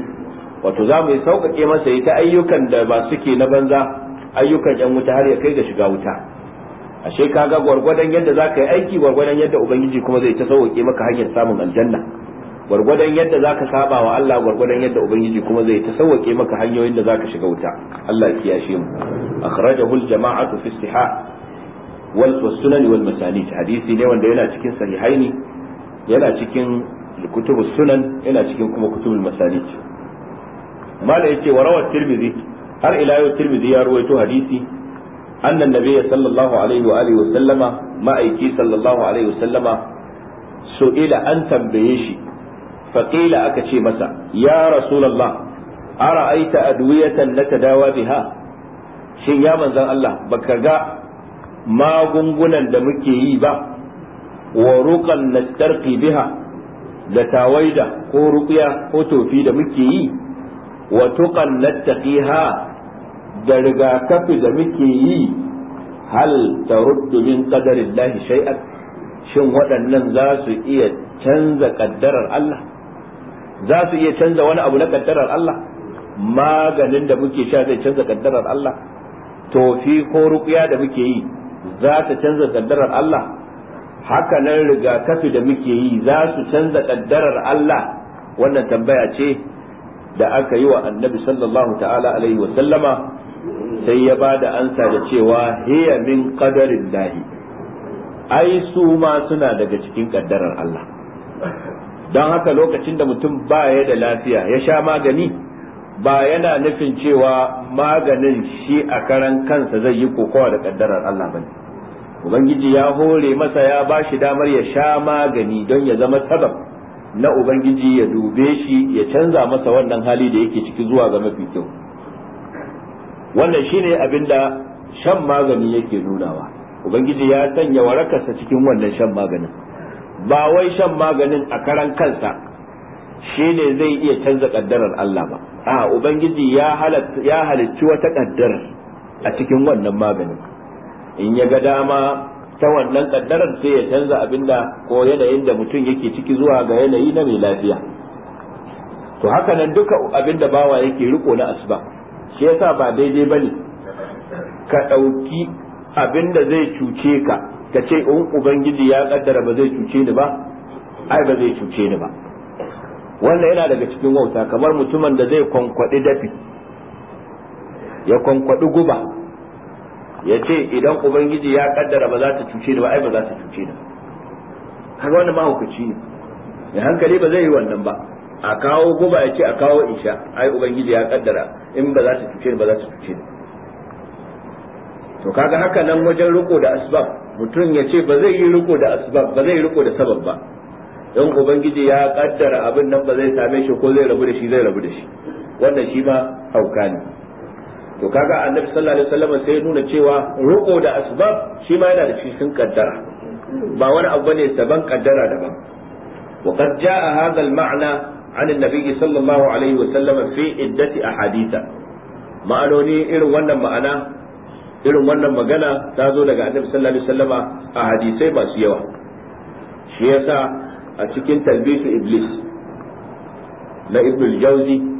wato za mu yi sauƙaƙe masa ita ayyukan da ba suke na banza ayyukan yan wuta har ya kai ga shiga wuta ashe ka ga gwargwadon yadda za ka yi aiki gwargwadon yadda ubangiji kuma zai ta sauƙaƙe maka hanyar samun aljanna gwargwadon yadda za ka saba wa Allah gwargwadon yadda ubangiji kuma zai ta sauƙaƙe maka hanyoyin da za ka shiga wuta Allah ya kiyashe mu akhrajahu al-jama'atu fi istiha wal sunan wal masanid hadisi ne wanda yana cikin sahihaini yana cikin kutubus sunan yana cikin kuma kutubul masanid mala yace wa tirbizi har ila yau tirmidhi ya ruwaito hadisi annan nabiyyi sallallahu alaihi wa alihi wa sallama ma'aiki sallallahu alaihi wa sallama su'ila an tambaye shi faqila aka ce masa ya rasulullah ara'aita adwiyatan dawa biha shin ya manzon Allah baka ga magungunan da muke yi ba wa ruqan nastarqi biha da tawaida ko ruqya ko tofi da muke yi wa tuqan nattaqiha da rigakafi da muke yi hal taruddu min qadarillahi shay'an shin waɗannan za su iya canza kaddarar Allah za su iya canza wani abu na kaddarar Allah maganin da muke sha zai canza kaddarar Allah tofi ko ruqya da muke yi za ta canza kaddarar Allah haka nan rigakafi da muke yi za su canza kaddarar Allah wannan tambaya ce da aka yi wa annabi sallallahu ta'ala alaihi wa sallama sai ya ba da ansa da cewa hiya min qadarin lahi ai su ma suna daga cikin kaddarar Allah don haka lokacin da mutum ba ya da lafiya ya sha magani ba yana nufin cewa maganin shi a karan kansa zai yi kokowa da kaddarar Allah bane ubangiji ya hore masa ya ba shi damar ya sha magani don ya zama sabab na ubangiji ya dube shi ya canza masa wannan hali da yake ciki zuwa ga mafi kyau wannan shine abin da shan magani yake nunawa ubangiji ya sanya warakarsa cikin wannan shan maganin ba wai shan maganin a karan kansa shi ne zai iya canza kaddarar Allah ba a ubangiji ya halitta wata kaddarar a cikin wannan maganin in ya ga dama ta wannan kaddarar sai ya canza abinda ko yanayin da mutum yake ciki zuwa ga yanayi na mai lafiya to haka nan duka abinda bawa yake riko na asuba shi yasa ba daidai bane ka ɗauki abinda zai cuce ka ka ce in ubangiji ya kaddara ba zai cuce ni ba ai ba zai cuce ni ba wannan yana daga cikin wauta kamar mutumin da zai kwankwaɗi dafi ya kwankwaɗi guba ya ce idan ubangiji ya kaddara ba za ta cuce ni ba ai ba za ta cuce ni kaga wannan mahaukaci ne mai hankali ba zai yi wannan ba a kawo guba ya ce a kawo isha ai ubangiji ya kaddara in ba za ta cuce ni ba za ta cuce ni to kaga haka nan wajen riko da asbab mutum ya ce ba zai yi riko da asbab ba zai yi riko da sabab ba don ubangiji ya kaddara abin nan ba zai same shi ko zai rabu da shi zai rabu da shi wannan shi ma hauka ne to kaga annabi sallallahu alaihi wasallam sai ya nuna cewa roƙo da asbab shi ma yana da cikin kaddara ba wani abu ne saban kaddara daban wa qad jaa hadha al ma'na an annabi sallallahu alaihi wasallam fi iddati ahaditha ma'anoni irin wannan ma'ana irin wannan magana ta zo daga annabi sallallahu alaihi wasallam a hadisai masu yawa shi yasa a cikin talbisu iblis na al jauzi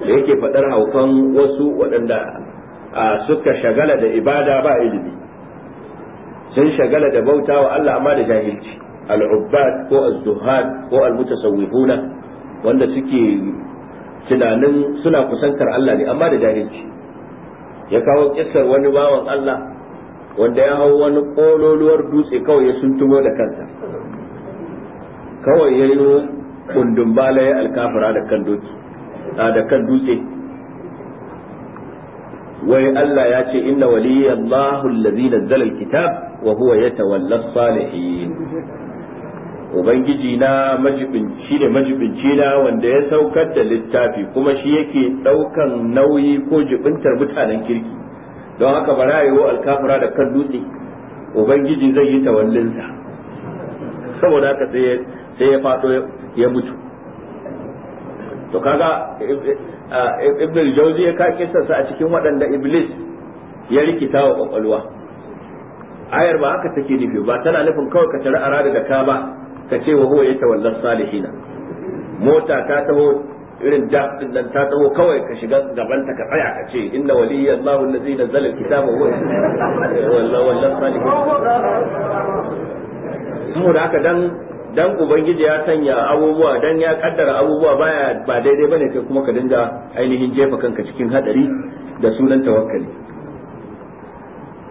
da yake faɗar haukan wasu waɗanda suka shagala da ibada ba ilimi sun shagala da bauta wa Allah amma da jahilci al'ubbad ko az-zuhad ko al-mutasawwifuna wanda suke tunanin suna kusantar Allah ne amma da jahilci ya kawo kissar wani bawan Allah wanda ya hau wani kololuwar dutse kawai ya suntumo da kansa kawai ya yi kundin ya da kan doki da kan dutse wai Allah ya ce inna waliyallahu allazi nazzala alkitab wa huwa yatawalla salihin ubangiji na majibinci da majibinci na wanda ya saukar da littafi kuma shi yake daukan nauyi ko jibintar mutanen kirki don haka ba rayuwa da kan dutse ubangiji zai yi tawallinsa saboda haka sai ya fato ya mutu to kaga ibn al-jawzi ya kake sa a cikin waɗanda iblis ya rikita wa kwakwalwa ayar ba haka take nufi ba tana nufin kawai ka tara arada da ka ba ka ce wa huwa wallan salihina mota ta taho irin jaf nan ta taho kawai ka shiga gaban ta ka tsaya ka ce inna waliyya Allahu allazi nazzala kitaba wa wallahu wallan salihin da aka dan dan ubangiji ya sanya abubuwa dan ya kaddara abubuwa baya ba daidai bane kai kuma ka dinga ainihin jefa kanka cikin hadari da sunan tawakkali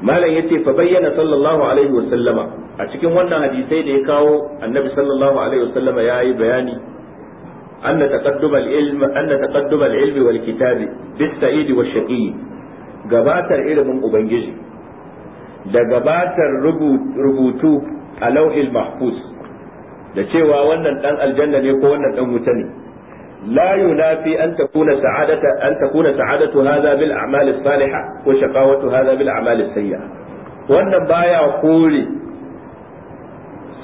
malam yace fa bayyana sallallahu alaihi wa sallama a cikin wannan hadisai da ya kawo annabi sallallahu alaihi wa sallama yayi bayani anna taqaddum al-ilm anna taqaddum al-ilm wal kitab bis-sa'id wash-shaqi gabatar ilimin ubangiji da gabatar rubutu a lauhil mahfuz da cewa wannan dan aljanna ne ko wannan dan wuta ne la yunafi an takuna sa'adata an takuna sa'adatu hadha bil a'mal as-salihah ko shaqawatu hadha bil a'mal as-sayyi'ah wannan baya kore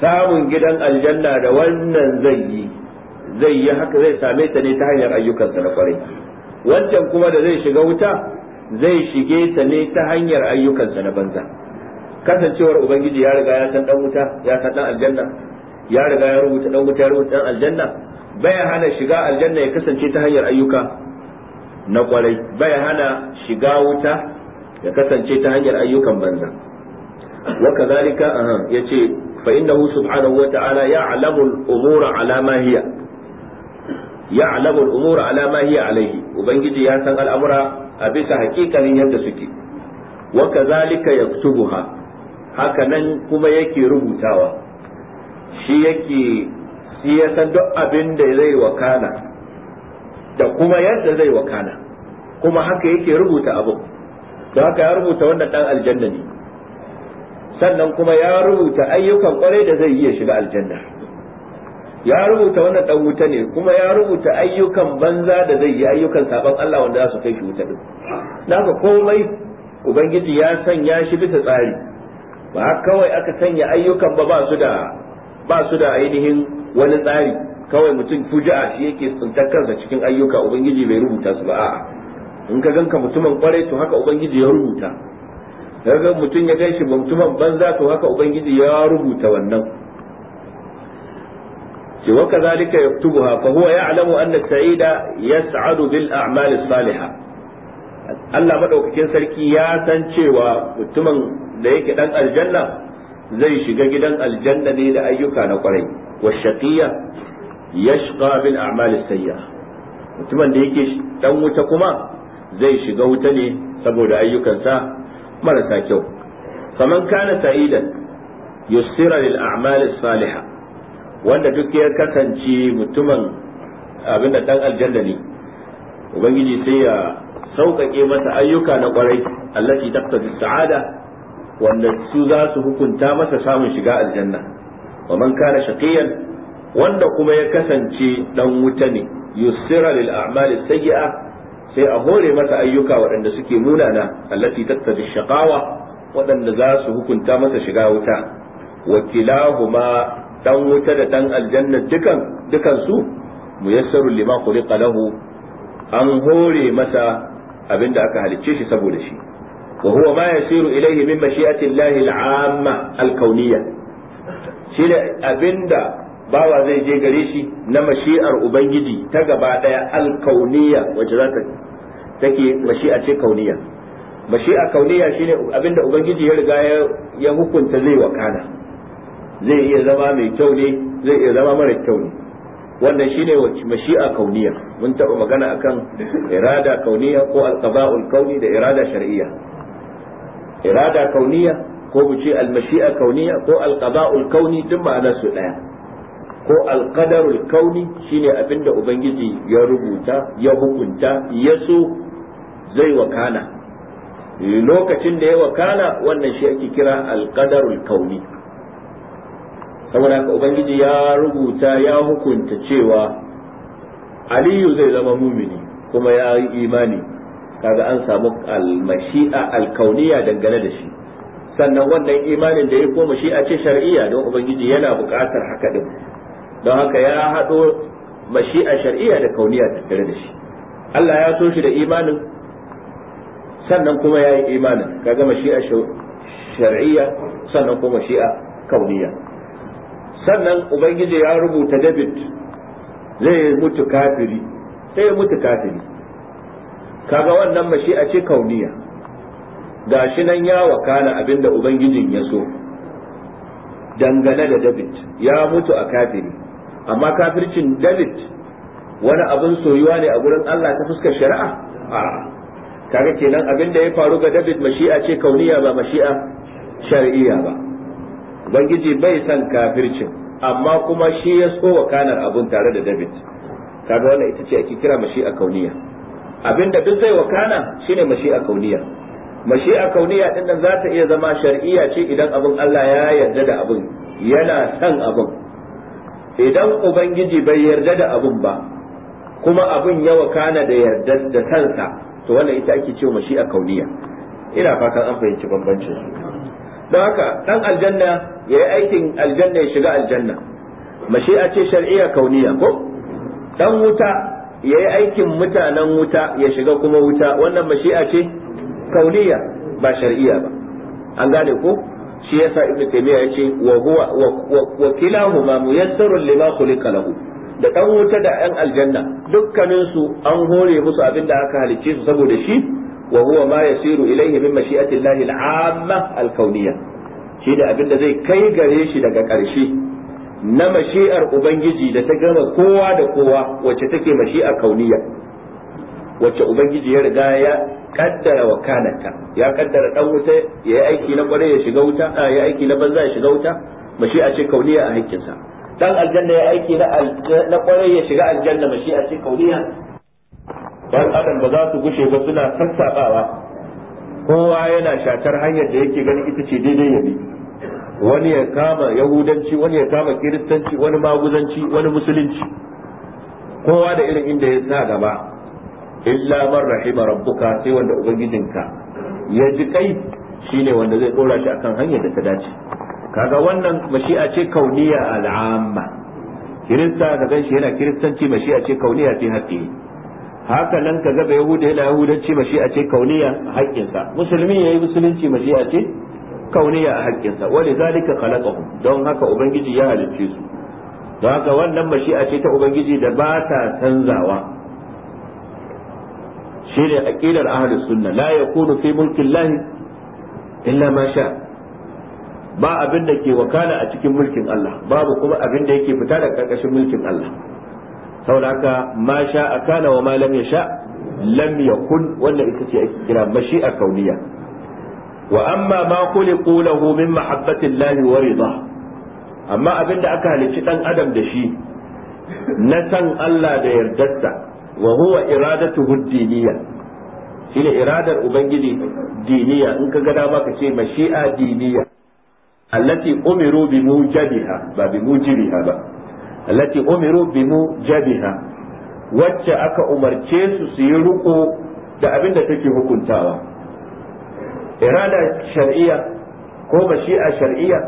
samun gidan aljanna da wannan zai yi zai yi haka zai same ta ne ta hanyar ayyukansa na kwarai wancan kuma da zai shiga wuta zai shige ta ne ta hanyar ayyukansa na banza kasancewar ubangiji ya riga ya san dan wuta ya san dan aljanna ya riga ya rubuta dan wuta ya rubuta dan aljanna baya hana shiga aljanna ya kasance ta hanyar ayyuka na kwarai baya hana shiga wuta ya kasance ta hanyar ayyukan banza wa kadhalika aha yace fa innahu subhanahu wa ta'ala ya'lamu al-umura ala ma hiya ya'lamu al-umura ala ma hiya alayhi ubangiji ya san al'amura a bisa hakikanin yadda suke wa kadhalika yaktubuha haka nan kuma yake rubutawa shi yake shi ya san duk abin da zai wakana da kuma yadda zai wakana kuma haka yake rubuta abu da haka ya rubuta wannan dan aljanna ne sannan kuma ya rubuta ayyukan kwarai da zai iya shiga aljanna ya rubuta wannan dan wuta ne kuma ya rubuta ayyukan banza da zai yi ayyukan saban Allah wanda za su kai shi wuta din naka komai ubangiji ya sanya shi bisa tsari ba kawai aka sanya ayyukan ba ba su da ba su da ainihin wani tsari kawai mutum a shi yake tsintar kansa cikin ayyuka ubangiji bai rubuta su ba a'a in ka ganka mutumin kwarai to haka ubangiji ya rubuta kaga mutum ya gaishe mutumin banza to haka ubangiji ya rubuta wannan ce wa kazalika yaktubuha fa huwa ya'lamu anna sa'ida yas'adu bil a'mal as-salihah Allah madaukakin sarki ya san cewa mutumin da yake dan aljanna zai shiga gidan aljanna ne da ayyuka na kwarai wa shaqiya yashqa bil a'mal sayya mutumin da yake dan wuta kuma zai shiga wuta ne saboda ayyukansa marasa kyau faman kana sa'idan yusira lil a'mal salihah wanda duk ya kasance mutumin abinda dan aljanna ne ubangiji sai ya sauƙaƙe masa ayyuka na kwarai allati taqtadi sa'ada wanda su za su hukunta masa samun shiga aljanna wa man kana shaqiyan wanda kuma ya kasance dan wuta ne yusira lil a'mali sayyi'a sai a hore masa ayyuka waɗanda suke munana allati tattabi shaqawa waɗanda za su hukunta masa shiga wuta wa kilahuma dan wuta da dan aljanna dukan dukan su muyassaru lima khuliqa lahu an hore masa abinda aka halicce shi saboda shi wa ما يسير yasiru من min الله Allah al-amma al abinda bawa zai je gare shi na mashi'ar ubangiji ta gaba daya wacce ta abinda ubangiji ya riga ya hukunta zai wakana zai iya zama mai kyau ne zai iya zama mara kyau ne wannan shine mashi'a kauniya mun taɓa magana akan irada kauniya ko alqaba'ul kauni da irada shar'iyya irada kauniya ko mu ce almashi'a kauniya ko alqada'ul kauni duk ma'ana su daya ko alqadarul kauni shine abin da ubangiji ya rubuta ya hukunta ya so zai wakana lokacin da ya wakana wannan shi ake kira alqadarul kauni saboda ubangiji ya rubuta ya hukunta cewa aliyu zai zama mumini kuma ya yi imani kaga an samu al-mashi'a al-kauniyya dangane da shi sannan wannan imanin da ya ko mashi'a ce shar'iyya don ubangiji yana buƙatar haka din don haka ya haɗo mashi'a shar'iyya da kauniya tattare da shi Allah ya so shi da imanin sannan kuma ya yi imanin kaga mashi'a shar'iyya sannan kuma mashi'a kauniya sannan ubangiji ya rubuta david zai mutu kafiri sai ya mutu kafiri kaga wannan a ce kauniya gashi nan ya wakana abinda ubangijin ya so dangane da David ya mutu a kafiri amma kafircin David wani abin soyuwa ne a gurin Allah ta fuskar shari'a a kaga kenan abin da ya faru ga David mashi'a ce kauniya ba mashi'a shari'a ba ubangiji bai san kafircin amma kuma shi ya so wakanar abun tare da David kaga wannan ita ce ake kira mashi'a kauniya abinda duk zai wakana shine mashi'a kauniya mashi'a kauniya din nan za ta iya zama shar'iyya ce idan abin Allah ya yarda da abin yana san abin idan ubangiji bai yarda da abin ba kuma abin ya wakana da yarda da kansa to wannan ita ake cewa mashi'a kauniya ina fatan an fahimci bambancin don haka dan aljanna ya yi aikin aljanna ya shiga aljanna mashi'a ce shar'iyya kauniya ko dan wuta ya yi aikin mutanen wuta ya shiga kuma wuta wannan mashi'a ce kauniya ba shari'a ba an gane ko shi yasa ibn taymiya yace wa huwa wa mu muyassarun lima khuliqa lahu da dan wuta da yan aljanna dukkaninsu an hore musu abin da aka halicce su saboda shi wa huwa ma yasiru ilayhi min mashi'atillahi llahi al-amma al-kauniyya shi da abin da zai kai gare shi daga ƙarshe na mashi'ar ubangiji da ta gama kowa da kowa wacce take mashi'a kauniya wacce ubangiji ya riga ya kaddara wa kanata ya kaddara dan wuta ya aiki na kware ya shiga wuta ya aiki na banza ya shiga wuta mashi'a ce kauniya a hakkinsa dan aljanna ya aiki na na kware ya shiga aljanna mashi'a ce kauniya dan adam ba za su gushe ba suna sassabawa kowa yana shatar hanyar da yake ganin ita ce daidai ya bi wani ya kama yahudanci wani ya kama kiristanci wani maguzanci wani musulunci kowa da irin inda ya sa gaba illa man rahima rabbuka sai wanda ubangijinka ya ji kai shine wanda zai dora shi akan hanyar da ta dace kaga wannan mashi'a ce kauniya al'amma kirista ka ganshi yana kiristanci mashi'a ce kauniya fi haƙƙi haka nan ka gaba yahuda yana yahudanci mashi'a ce kauniya haƙƙinsa musulmi yayi musulunci mashi'a ce kauniya a haƙƙinsa wani zalika khalaqahum don haka ubangiji ya halicce su don haka wannan mashi'a ce ta ubangiji da ba ta canzawa shine aqidar ahlus sunna la yakunu fi mulkin lahi illa ma sha ba abin da ke wakala a cikin mulkin Allah babu kuma abin da yake fita da karkashin mulkin Allah saboda haka ma sha akana wa ma lam yasha lam yakun wannan ita ce ake kira mashi'a kauniya wa amma ma khuliqu lahu min mahabbati Allah wa ridha amma abinda aka halicci dan adam da shi na san Allah da yardarsa wa huwa iradatuhu diniya shine iradar ubangiji diniya in ka ga dama ka ce mashi'a diniya allati umiru bi mujabiha ba bi mujibiha ba allati umiru bi mujabiha wacce aka umarce su su yi da abin da take hukuntawa irada shar'iyya ko mashi'a shar'iyya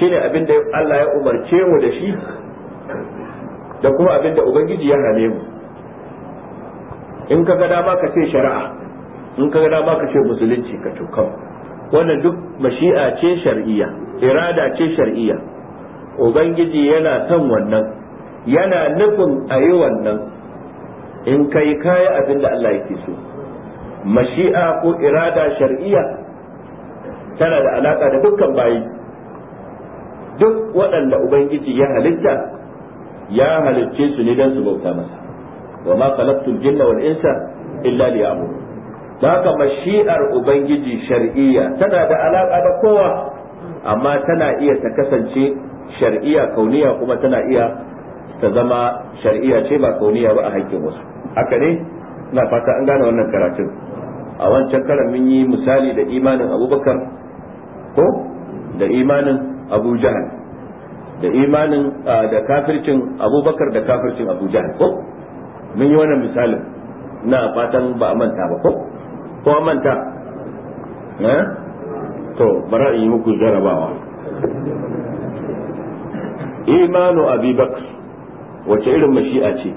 shine abin da Allah ya umarce mu da shi da kuma abin da ubangiji ya hane mu in ka ga dama ka ce shari'a in ka ga dama ka ce musulunci ka tukam wannan duk mashi'a ce shar'iyya irada ce shar'iyya ubangiji yana son wannan yana nufin a yi wannan in kai kaya abin da Allah yake so mashi'a ko irada shar'iyya tana da alaka da dukkan bayi duk waɗanda ubangiji ya halitta ya halicce su ne don su bauta masa wa ma khalaqtul jinna wal insa illa liya'budun haka mashi'ar ubangiji shar'iyya tana da alaka da kowa amma tana iya ta kasance shar'iyya kauniya kuma tana iya ta zama shar'iyya ce ba kauniya ba a haƙƙin wasu haka ne ina fata an gane wannan karatun a wancan karan mun yi misali da imanin abubakar ko da imanin abu jahal da imanin da kafircin abubakar da kafircin abu jahal ko mun yi wannan misalin na fatan ba a manta ba ko ko a manta eh? to bara in yi muku jarabawa imanu abi wace irin mashi'a ce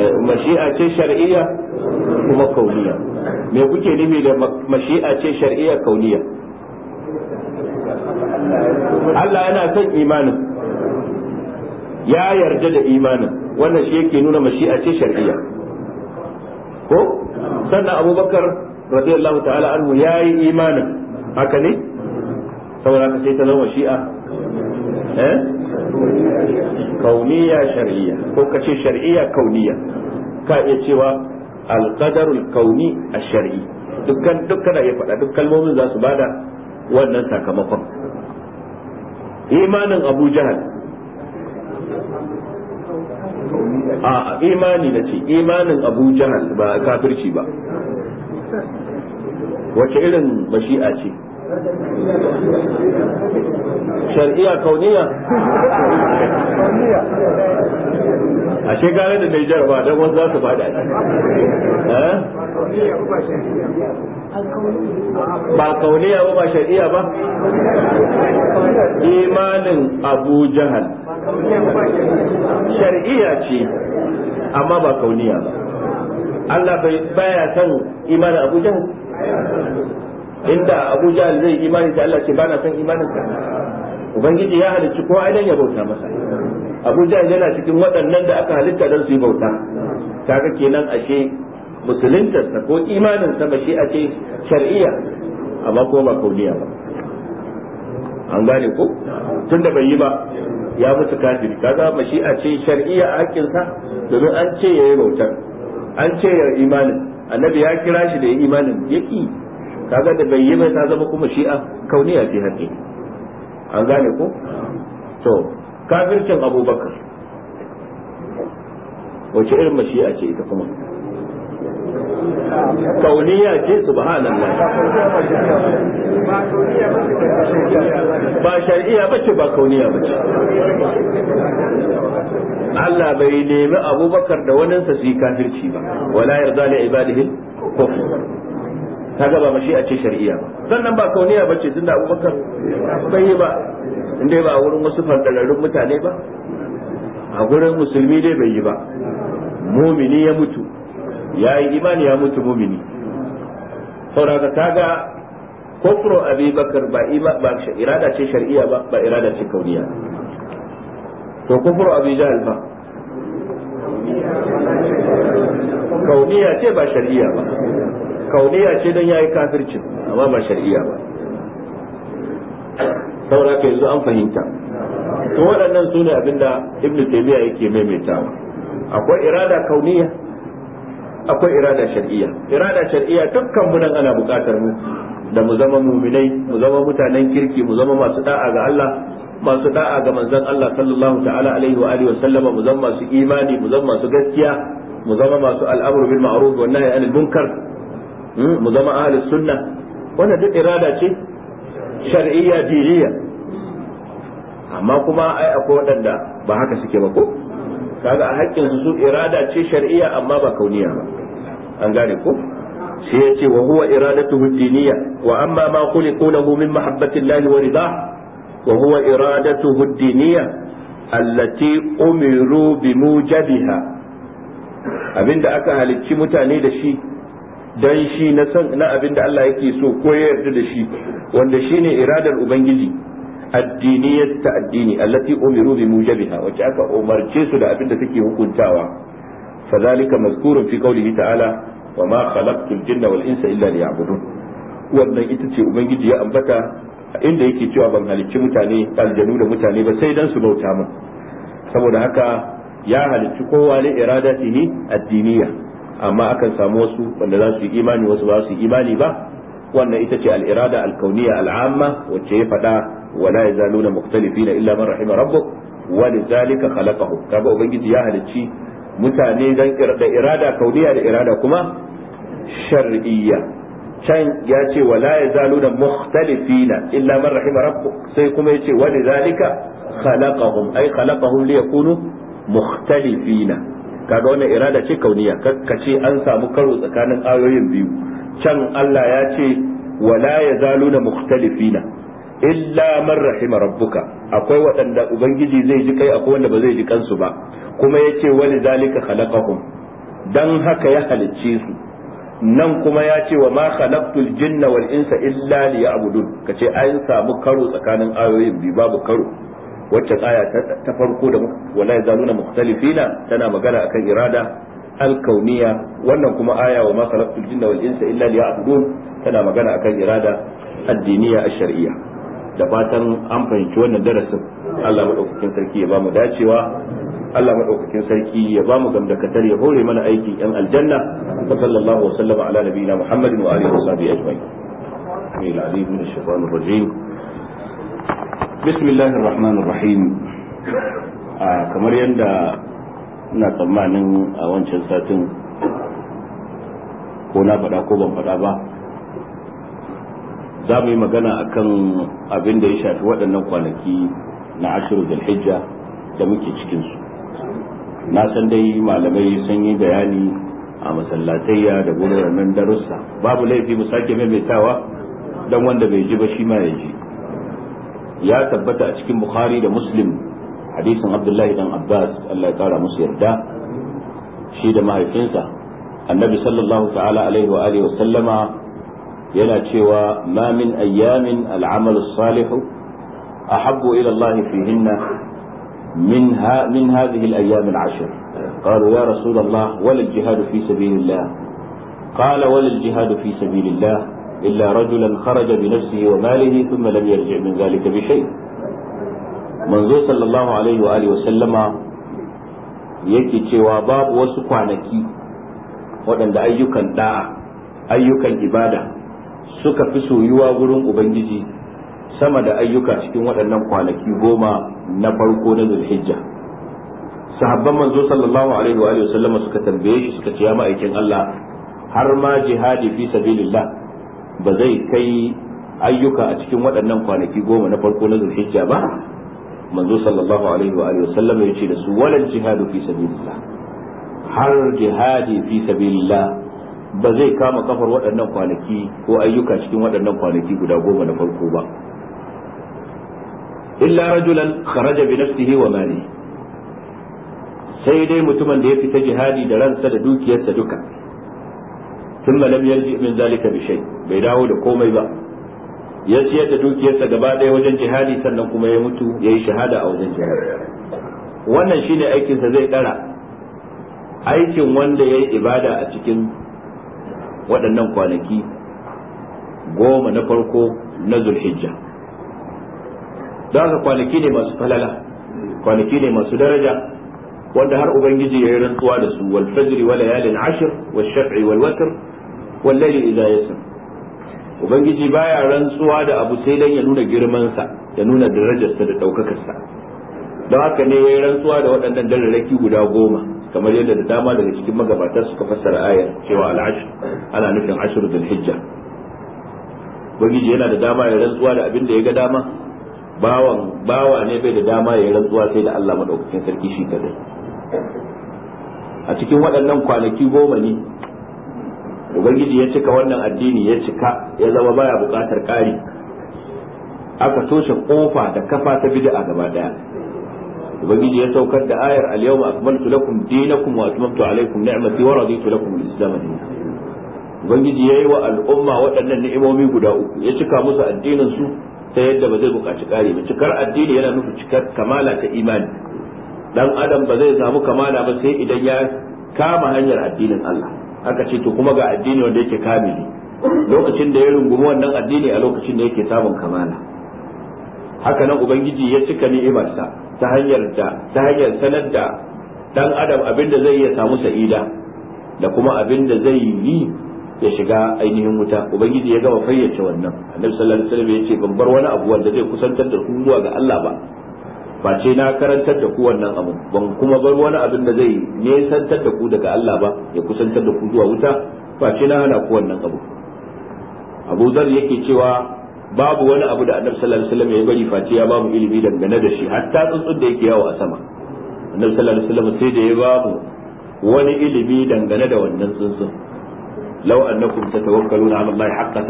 mashi'a ce shar'iyya kuma kauniya me kuke nufi da mashi'a ce shar'iyya kauniya Allah yana son imanin ya yarda da imanin wannan shi yake nuna mashi'a ce shar'iyya ko sannan abubakar radiyallahu ta'ala anhu ya yi imanin haka ne saboda ka sai ta zama shi'a eh kauniya shar'iyya ko ka ce shar'iyya kauniya ka iya cewa alqadarul kauni a shari'i dukkan dukkan ya faɗa duk kalmomin za su bada wannan sakamakon imanin Abu Jahal a imani na ce imanin Abu Jahal ba kafirci ba wace irin mashi'a ce shari'a kauniya ashe shekarar da Nijar ba don wasu za su da eh? ba kauniya ba ba shari'a ba imanin abu jahal shari'a ce amma ba kauniya ba Allah baya son imanin abu jahal inda Abu Jahl zai imani da Allah ce ba na san imanin ka ubangiji ya halicci kowa a dan ya bauta masa Abu Jahl yana cikin waɗannan da aka halitta dan su yi bauta kaga kenan ashe musuluntarsa ko imanin sa ba shi a ce shar'iyya amma ko ba kauniya ba an gane ko tunda bai yi ba ya mutu kafiri kaga a ce shar'iyya a sa domin an ce yayi bautar an ce ya imanin annabi ya kira shi da imanin yake kaga da bai yi mai ta zama kuma shi'a kauniya fi haƙi an gane ko to kafircin abubakar wace irin mashi'a ce ita kuma kauniya ce su ba shari'a ba ce ba kauniya ba ce Allah bai nemi abubakar da waninsa su yi kafirci ba wala yarda li ibadihi kufr kaga ba mashi a ce shari'a ba sannan ba kauniya ba ce tunda abubakar bai yi ba inda ba a wurin wasu fandararrun mutane ba a gurin musulmi dai bai yi ba mumini ya mutu ya yi imani ya mutu mumini saboda kaga kufru abi bakar ba ba irada ce shari'a ba ba irada ce kauniya to kofuro abi ba kauniya ce ba shari'a ba kauniya ce don yayi kafircin amma ba shar'iyya ba saboda ka yanzu an fahimta to waɗannan su ne abinda ibnu taymiya yake maimaitawa akwai irada kauniya akwai irada shar'iyya irada shar'iyya dukkan mu nan ana buƙatar mu da mu zama muminai mu zama mutanen kirki mu zama masu da'a ga Allah masu da'a ga manzon Allah sallallahu ta'ala alaihi wa alihi wa sallama mu zama masu imani mu zama masu gaskiya mu zama masu al'amru bil ma'ruf wa nahyi anil munkar Hmm? mu zama ahlus sunna wannan duk irada ce shar'iyya diniya amma kuma ai akwai waɗanda ba haka suke ba ko kaga a haƙƙin su irada ce shar'iyya amma ba kauniya ba an gane ko sai ya ce wa huwa iradatuhu diniya wa amma ma khuliqu lahu min llahi wa ridah wa huwa iradatuhu diniya allati umiru bi mujabiha abinda aka halicci mutane da shi dan shi na san na abin da Allah yake so ko ya yarda da shi wanda shine iradar ubangiji Addiniyar ta addini allati umiru bi mujabiha wacce aka umarce su da abin da take hukuntawa fadhalika mazkurun fi qawlihi ta'ala wa ma khalaqtul jinna wal insa illa liya'budun wannan ita ce ubangiji ya ambata inda yake cewa ban halicci mutane aljanu da mutane ba sai dan su bauta min saboda haka ya halicci kowa li iradatihi addiniya amma akan samu wasu wanda za su yi imani wasu ba su yi imani ba wannan ita ce al'irada alkauniya al'amma kauniyya al-amma wacce ya faɗa wala yazaluna mukhtalifina illa man rahima rabbuk wa lidhalika khalaqahum kaga ubangiji ya halicci mutane dan da irada kauniya da irada kuma shar'iyya can ya ce wala ya zalu da mukhtalifina illa man rahima rabbuk sai kuma ya ce wa lidhalika khalaqahum ay khalaqahum li yakunu mukhtalifina kaga wannan irada ce kauniya ka ce an samu karo tsakanin ayoyin biyu can Allah ya ce wala yazaluna mukhtalifina illa man rahima rabbuka akwai waɗanda ubangiji zai ji kai akwai wanda ba zai ji kansu ba kuma yace wani zalika khalaqahum dan haka ya halicce su nan kuma ya ce wa ma khalaqtul jinna wal insa illa liya'budun kace an samu karo tsakanin ayoyin biyu babu karo wacce aya ta farko da wala yazaluna mukhtalifina tana magana akan irada alkauniya wannan kuma aya wa ma khalaqtul jinna wal insa illa liya'budun tana magana akan irada addiniya ash-shar'iyya da fatan an fahimci wannan darasin Allah madaukakin sarki ya bamu dacewa Allah madaukakin sarki ya bamu gamdakatar ya hore mana aiki yan aljanna wa sallallahu wa sallama ala nabiyina Muhammadin wa alihi wa sahbihi ajma'in. Amin. Ali ibn Shaitan rajim bismillahir rahmanir rahim ah, kamar yadda ina tsammanin a wancan satin ko na faɗa ko ban faɗa ba za mu yi magana a kan abin da ya shafi waɗannan kwanaki na ashiru hijja da muke cikinsu na san dai malamai sun yi bayani a masallatayya da gurin nan darussa babu laifi mu sake maimaitawa don wanda bai ji ba shi ma ya ji يا ثبت أشكي بخاري لمسلم حديث عبد الله بن عباس الله تعالى مسير دا شيد ما يفنسى النبي صلى الله تعالى عليه وآله وسلم يلا شوى ما من أيام العمل الصالح أحب إلى الله فيهن من, ها من هذه الأيام العشر قالوا يا رسول الله ولا الجهاد في سبيل الله قال ولا الجهاد في سبيل الله إلا رجلا خرج بنفسه وماله ثم لم يرجع من ذلك بشيء منذ صلى الله عليه وآله وسلم yake cewa babu wasu kwanaki waɗanda ayyukan da'a ayyukan ibada suka fi soyuwa wurin ubangiji sama da ayyuka cikin waɗannan kwanaki goma na farko na zulhijja sahabban manzo sallallahu alaihi wa sallama suka tambaye shi suka ce ya ma'aikin Allah har ma jihadi fi sabilillah ba zai kai ayyuka a cikin waɗannan kwanaki goma na farko na zulhijja ba manzo sallallahu alaihi wa alihi wasallam ya ce da su walal jihadu fi sabilillah har jihadi fi sabilillah ba zai kama kafar waɗannan kwanaki ko ayyuka cikin waɗannan kwanaki guda goma na farko ba illa rajulan kharaja bi nafsihi wa mali sai dai mutumin da ya fita jihadi da ransa da dukiyarsa duka ثم لم يرجع من zalika بشيء bai dawo da komai ba ya ciyar da dukiyarsa gaba ɗaya wajen jihadi sannan kuma ya mutu ya yi shahada a wajen jihadi wannan shine aikinsa zai ɗara aikin wanda ya yi ibada a cikin waɗannan kwanaki goma na farko na zulhijja don haka kwanaki ne masu falala kwanaki ne masu daraja wanda har ubangiji ya yi rantsuwa da su wal wa wal layalin ashr wal shaf'i wal watr wallahi idza yasr ubangiji baya rantsuwa da abu sai dan ya nuna girmansa ya nuna darajarsa da daukakarsa don haka ne yayi rantsuwa da waɗannan dararraki guda goma kamar yadda da dama daga cikin magabata suka fassara ayar cewa al'ashr ana nufin ashr dal hijja ubangiji yana da dama ya rantsuwa da abin da ya ga dama bawan bawa ne bai da dama ya rantsuwa sai da Allah madaukakin sarki shi kadai a cikin waɗannan kwanaki goma ne ubangiji ya cika wannan addini ya cika ya zama baya bukatar ƙari aka toshe kofa da kafa ta bid'a gaba daya ubangiji ya saukar da ayar al-yawma akmaltu lakum dinakum wa atmamtu alaykum ni'mati wa raditu lakum al-islam ubangiji yayi wa al'umma waɗannan ni'imomi guda uku ya cika musu addinin su ta yadda ba zai buƙaci ƙari ba cikar addini yana nufin cikar kamala ta imani dan adam ba zai samu kamala ba sai idan ya kama hanyar addinin Allah aka ce to kuma ga addini wanda yake kamili lokacin da ya rungumi wannan addini a lokacin da yake samun kamala haka nan ubangiji ya cika ni'imarsa ta hanyar da ta hanyar sanar da dan adam abin da zai iya samu sa'ida da kuma abin da zai yi ya shiga ainihin wuta ubangiji ya gama fayyace wannan annabi sallallahu alaihi wasallam ya ce ban bar wani abu wanda zai kusantar da ku zuwa ga Allah ba face na karantar da ku wannan abu ban kuma bar wani abin da zai nesantar da ku daga Allah ba ya kusantar da ku zuwa wuta face na hana ku wannan abu Abu Zar yake cewa babu wani abu da Annabi sallallahu alaihi wasallam ya bari face ya bamu ilimi dangane da shi hatta tsuntsun da yake yawo a sama Annabi sallallahu alaihi wasallam sai da ya bamu wani ilimi dangane da wannan tsuntsun law annakum tatawakkaluna ala Allah haqqa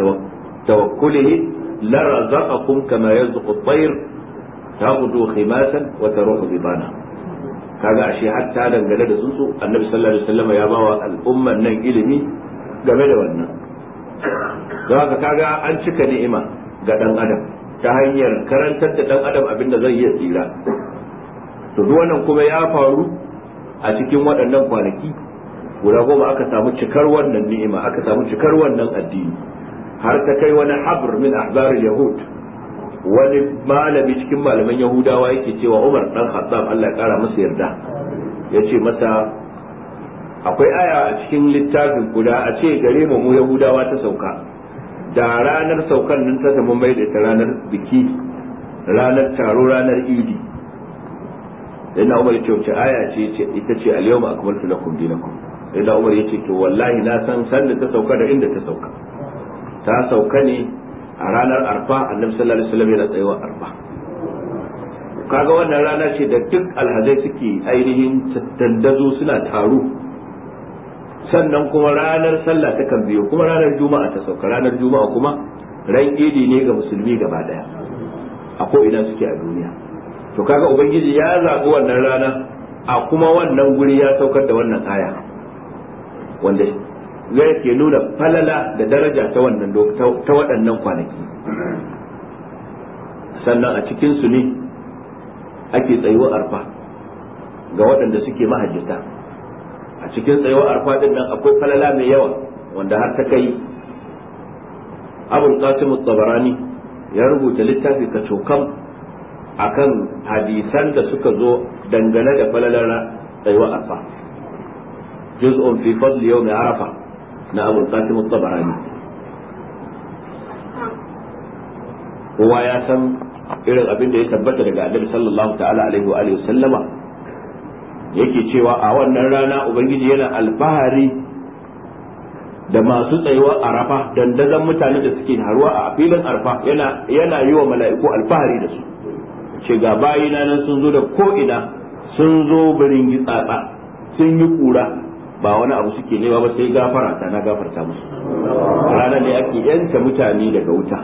tawakkulihi larazaqakum kama yarzuqu at-tayr Ta tamutu khimasan wa taruhu bibana kaga ashe ta dangane da tsuntsu annabi sallallahu alaihi wasallam ya bawa al'umman nan ilimi game da wannan don haka kaga an cika ni'ima ga dan adam ta hanyar karantar da dan adam abin da zai iya tsira to duk wannan kuma ya faru a cikin waɗannan kwanaki guda goma aka samu cikar wannan ni'ima aka samu cikar wannan addini har ta kai wani habr min ahbar yahud wani malami cikin malaman yahudawa yake cewa umar dan khattab Allah ya kara masa yarda ya ce masa akwai aya a cikin littafin guda a ce gare mu mu yahudawa ta sauka da ranar saukan nan ta zama mai da ta ranar biki ranar taro ranar idi idan umar ya ce wace aya ce ita ce ma akwai akmaltu lakum dinakum idan umar ya ce to wallahi na san sanda ta sauka da inda ta sauka ta sauka ne a ranar arfa annabi sallallahu alaihi wasallam yana arfa kaga wannan rana ce da duk alhazai suke ainihin dandazo suna taro sannan kuma ranar sallah ta kan biyo kuma ranar juma'a ta sauka ranar juma'a kuma ran idi ne ga musulmi gaba daya a ko ina suke a duniya to kaga ubangiji ya zaɓi wannan rana a kuma wannan guri ya saukar da wannan aya wanda zai ke nuna falala da daraja ta waɗannan kwanaki sannan a cikin su ne ake tsayuwa arfa ga waɗanda suke mahajjata a cikin tsayuwa arfa din nan akwai falala mai yawa wanda har ta kai abul qasim tabarani ya rubuta littafi ka cokam akan hadisan da suka zo dangane da falalar tsayuwar arfa juz'un fi fadl yawmi arafa na abul qasim at kowa ya san irin abin da ya tabbata daga annabi sallallahu ta'ala alaihi wa alihi sallama yake cewa a wannan rana ubangiji yana alfahari da masu tsayuwa a rafa dandazon mutanen da suke haruwa a filin arfa yana yi wa mala'iku alfahari da su ce ga bayina nan sun zo da ko'ina sun zo birin gitsatsa sun yi kura ba wani abu suke nema ba sai gafara ta na gafarta musu ranar ne ake yanta mutane daga wuta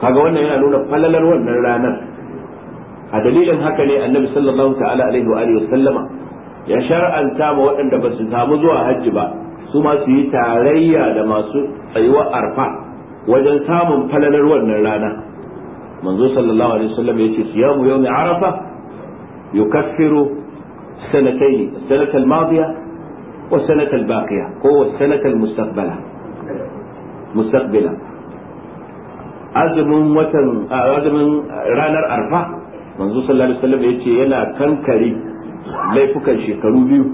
kaga wannan yana nuna falalar wannan ranar a dalilin haka ne annabi sallallahu ta'ala alaihi wa alihi sallama ya shar'anta ma waɗanda ba su samu zuwa hajji ba su ma su yi tarayya da masu tsayuwa arfa wajen samun falalar wannan rana manzo sallallahu alaihi wasallam yace siyamu yawmi arafa yukaffiru سنتين السنة الماضية والسنة الباقية هو السنة المستقبلة مستقبلة azumin watan azumin ranar arfa manzo صلى الله عليه yace yana kankare laifukan shekaru biyu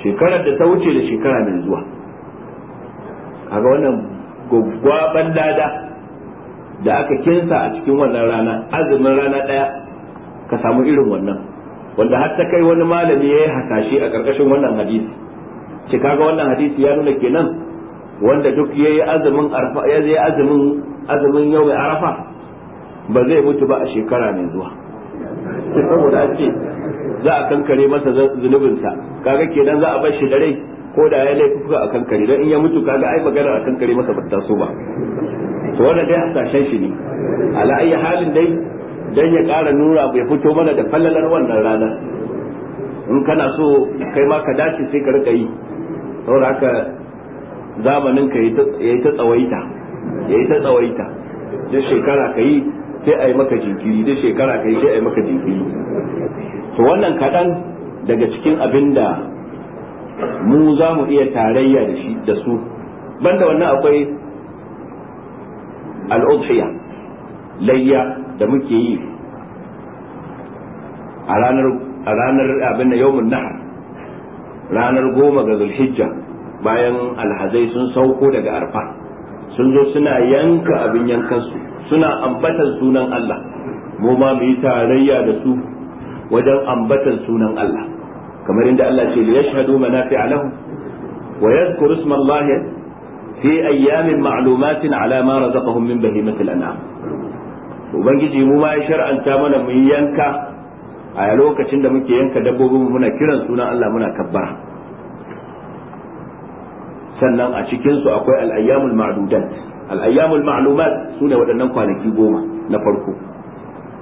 shekarar da ta wuce da shekara mai zuwa kaga wannan gwaban lada da aka kinsa a cikin wannan rana azumin rana ɗaya ka samu irin wannan wanda har ta kai wani malami ya yi hasashe a ƙarƙashin wannan hadisi ce kaga wannan hadisi ya nuna kenan wanda duk ya yi azumin arfa ya yi azumin azumin yau mai arafa ba zai mutu ba a shekara mai zuwa saboda a ce za a kankare masa zunubinsa kaga kenan za a bar shi da rai ko da ya laifuka a kankare don in ya mutu kaga ai magana a kankare masa ba ta so ba to wannan dai hasashen shi ne ala ayi halin dai dan ya ƙara nura bai fito mana da fallalar wannan rana in kana so kai ma ka dace sai ka rika yi saboda haka zamanin ka yayi ta tsawaita yayi ta tsawaita da shekara ka yi sai ai maka jinkiri da shekara ka yi sai ai maka jinkiri to wannan kaɗan daga cikin abin da mu za mu iya tarayya da shi da su banda wannan akwai al-udhiyah layya da muke yi a ranar abin da yawmun nahar ranar goma ga zulhijja bayan alhazai sun sauko daga arfa sun zo suna yanka abin yankansu suna ambatan sunan Allah mu ma mu yi tarayya da su wajen ambatan sunan Allah kamar inda Allah ce liyashhadu manafi'a lahum wa yadhkuru isma Allah fi ayyamin ma'lumatin ala ma razaqahum min bahimatil an'am ubangiji mu ma ya shar'anta mana mu yanka a lokacin da muke yanka dabbobin muna kiran sunan Allah muna kabbara sannan a cikin su akwai al-ayyamul ma'dudat al-ayyamul ma'lumat sune waɗannan kwanaki goma na farko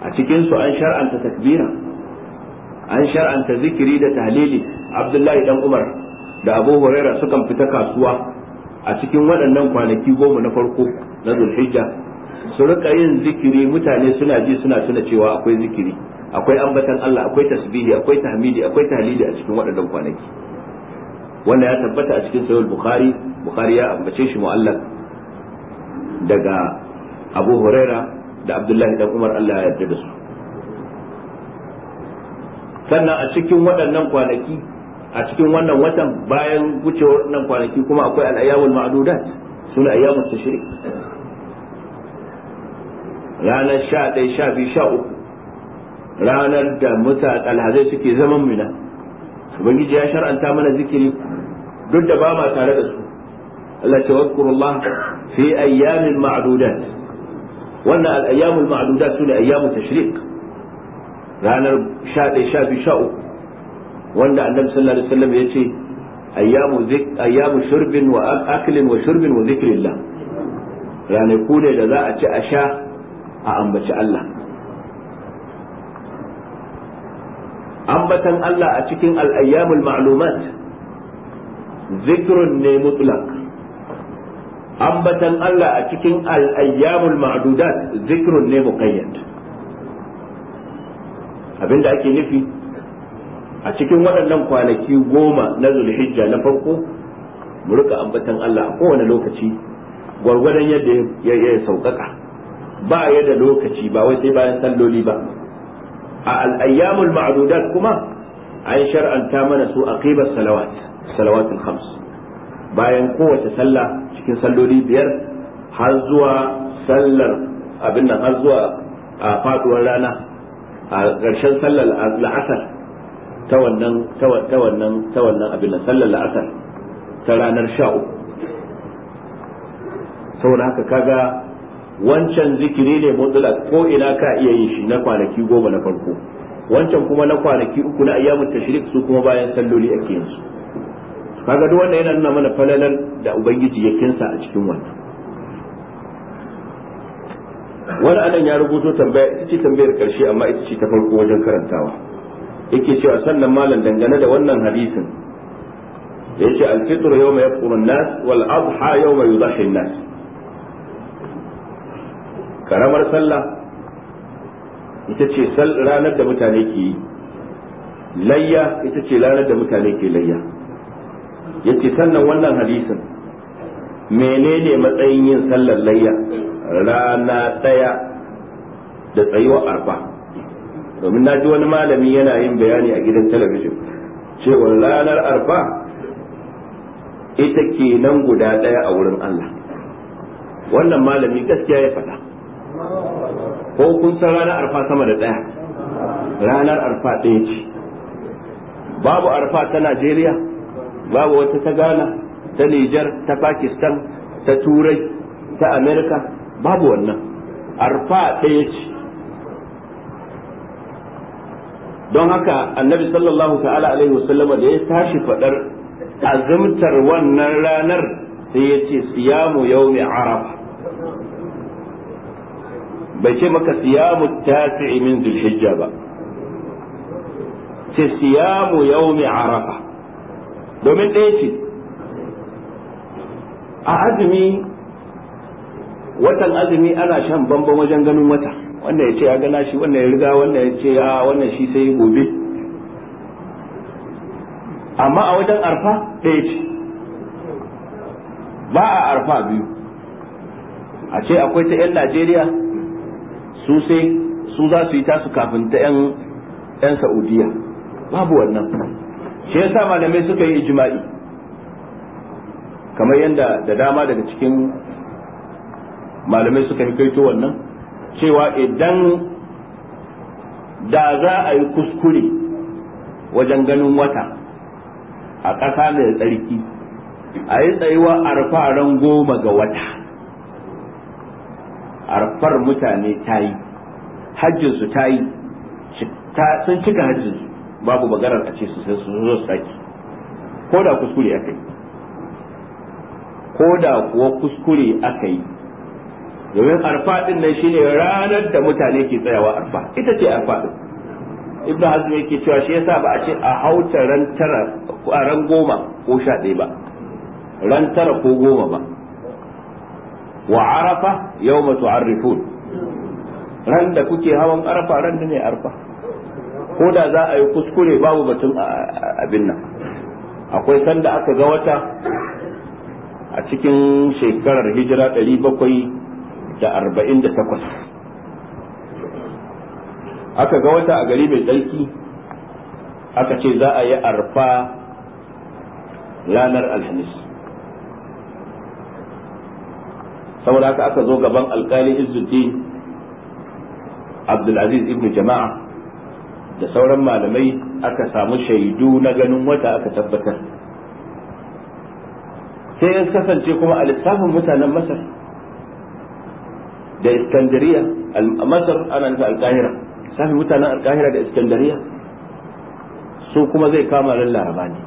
a cikin su an shar'anta takbira an shar'anta zikiri da tahlili Abdullahi dan Umar da Abu Huraira sukan fita kasuwa a cikin waɗannan kwanaki goma na farko na Zulhijja su rika yin zikiri mutane suna ji suna tuna cewa akwai zikiri akwai ambatan Allah akwai tasbihi akwai tahmidi akwai tahlili a cikin waɗannan kwanaki wanda ya tabbata a cikin sahih bukhari bukhari ya ambace shi mu'allaf daga abu huraira da abdullahi dan umar Allah ya yarda da su sannan a cikin waɗannan kwanaki a cikin wannan watan bayan wucewar wannan kwanaki kuma akwai al-ayyamul ma'dudat suna ayyamus tashrik ranar sha ɗaya sha biyu sha uku ranar da muta alhazai suke zaman mina ubangiji ya shar'anta mana zikiri duk da ba ma tare da su Allah ce wadkurullah fi ayyamin ma'dudat wannan al-ayyamul su sune ayyamut tashriq ranar 11 12 13 wanda annabi sallallahu alaihi wasallam yace ayyamu zik ayyamu shurbin wa aklin wa shurbin wa dhikrillah ranar ne da za a ci a sha a ambaci Allah ambatan Allah a cikin al'ayyamul ma'lumat zikrun ne mutlak ambatan Allah a cikin al'ayyamul ma'dudat zikrun ne muqayyad abinda ake nufi a cikin waɗannan kwanaki goma na zulhijja na farko mu rika ambatan Allah a kowane lokaci gwargwadon yadda ya sauƙaƙa ba ya da lokaci ba wai sai bayan salloli ba a al'ayyamul ma'dudat kuma an shar'anta mana su aqiba salawat salawatul khams bayan kowace sallah cikin salloli biyar har zuwa sallar abin nan har zuwa a faduwar rana a ƙarshen sallar la'asar ta wannan ta wannan ta wannan abin nan sallar la'asar ta ranar sha uku saboda haka kaga wancan zikiri ne mutlaq ko ina ka iya yin shi na kwanaki goma na farko wancan kuma na kwanaki uku na ayyamin tashrik su kuma bayan salloli ake yin su kaga duk wannan yana nuna mana falalar da ubangiji ya kinsa a cikin wannan wani anan ya rubuto tambaya ita ce tambayar karshe amma ita ce ta farko wajen karantawa yake cewa sannan malam dangane da wannan hadisin da yace al-fitr yawma yafṭuru an-nas wal adha yawma mai an-nas karamar sallah ita ce ranar da mutane ke yi layya ita ce ranar da mutane ke layya yace sannan wannan hadisin menene matsayin yin sallar layya rana ɗaya da tsayuwar arfa domin na ji wani malami yana yin bayani a gidan talabijin cewa ranar arfa ita ke nan guda ɗaya a wurin Allah wannan malami gaskiya ya fata. ko kun san ranar arfa sama da ɗaya ranar arfa ɗaya ce babu arfa ta najeriya babu wata ta ghana ta niger ta pakistan ta turai ta Amerika, babu wannan arfa ɗaya ce don haka annabi sallallahu ta'ala alaihi wasallama da ya tashi faɗar azumtar wannan ranar sai ya ce siyamu yau mai arafa bai ce maka siyamu tasi'i min zulhijja ba ce siyamu yaumi arafa domin ɗaya ce a azumi watan azumi ana shan bamban wajen ganin wata wanda ya ce ya gana shi wannan ya riga wannan ya ce ya wannan shi sai gobe amma a wajen arfa ɗaya ce ba a arfa biyu a ce akwai ta 'yan najeriya su sai su za su yi tasu kafin ta yan yan saudiya babu wannan shi yasa malamai suka yi ijma'i kamar yadda da dama daga cikin malamai suka yi kaito wannan cewa idan da za a yi kuskure wajen ganin wata a ƙasa mai tsarki a yi tsayuwa a ran goma ga wata arfar mutane ta yi hajjinsu ta yi sun cika hajjinsu babu bagarar a ce su sai su zo su saki ko da kuskure aka yi ko da kuwa kuskure aka yi domin arfa din nan shine ranar da mutane ke tsayawa arfa ita ce arfa din ibnu hazmi yake cewa shi yasa ba a ce a hauta ran tara ran goma ko sha ɗaya ba ran tara ko goma ba wa arafa yawma tu'arrifun ran da kuke hawan arafa ran da ne arafa ko da za a yi kuskure babu batun abin nan akwai sanda aka ga wata a cikin shekarar hijira 748 aka ga wata a gari mai tsarki aka ce za a yi arfa ranar alhamis saboda haka aka zo gaban alkali izzuddin abdulaziz ibn jama'a da sauran malamai aka samu shaidu na ganin wata aka tabbatar sai ya kasance kuma a lissafin mutanen masar da iskandariya masar ana nufa alkahira lissafin mutanen alkahira da iskandariya su kuma zai kama ran laraba ne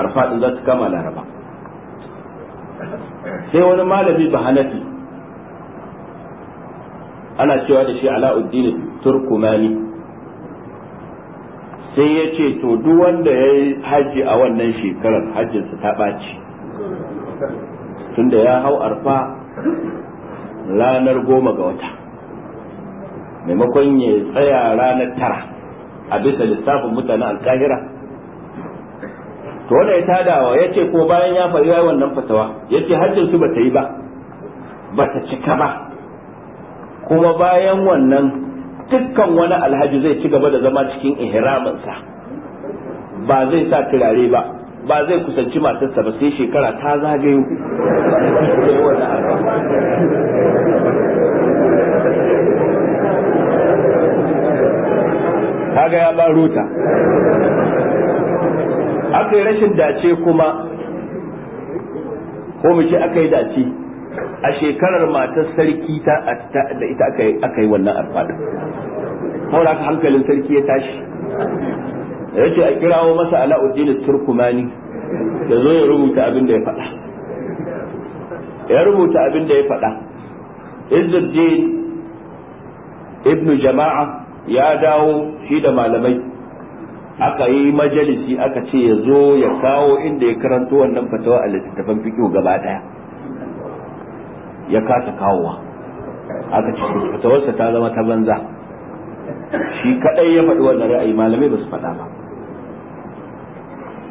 arfaɗin za su kama laraba sai wani malami ba hanafi ana cewa da shi ala'uddin turkumani sai ya ce to duk wanda ya yi haji a wannan shekarar hajjinsa ta ɓaci tunda ya hau arfa ranar goma ga wata maimakon ya tsaya ranar tara a bisa lissafin mutanen alkahira to wanda ya tadawa ya ce ko bayan ya faru ya wannan fatawa ya ce hajjin su ta yi ba ba ta cika ba kuma bayan wannan dukkan wani alhaji zai ci gaba da zama cikin ihraminsa ba zai sa turare ba ba zai kusanci matarsa ba sai shekara ta zagayo kaga ya ba ruta aka yi rashin dace kuma ko mu ce aka yi dace a shekarar matar sarki ta da ita aka yi wannan alfada kawai haka hankalin sarki ya tashi ya ce a kirawo masa ala'uddin turkumani ya zo ya rubuta abin da ya faɗa ya rubuta abin da ya faɗa izzuddin ibnu jama'a ya dawo shi da malamai aka yi majalisi aka ce ya zo ya kawo inda ya karanto wannan fatawa a littattafan fikiyo gaba daya ya kasa kawowa aka ce fatawarsa ta zama ta banza shi kadai ya faɗi wannan ra'ayi malamai ba su faɗa ba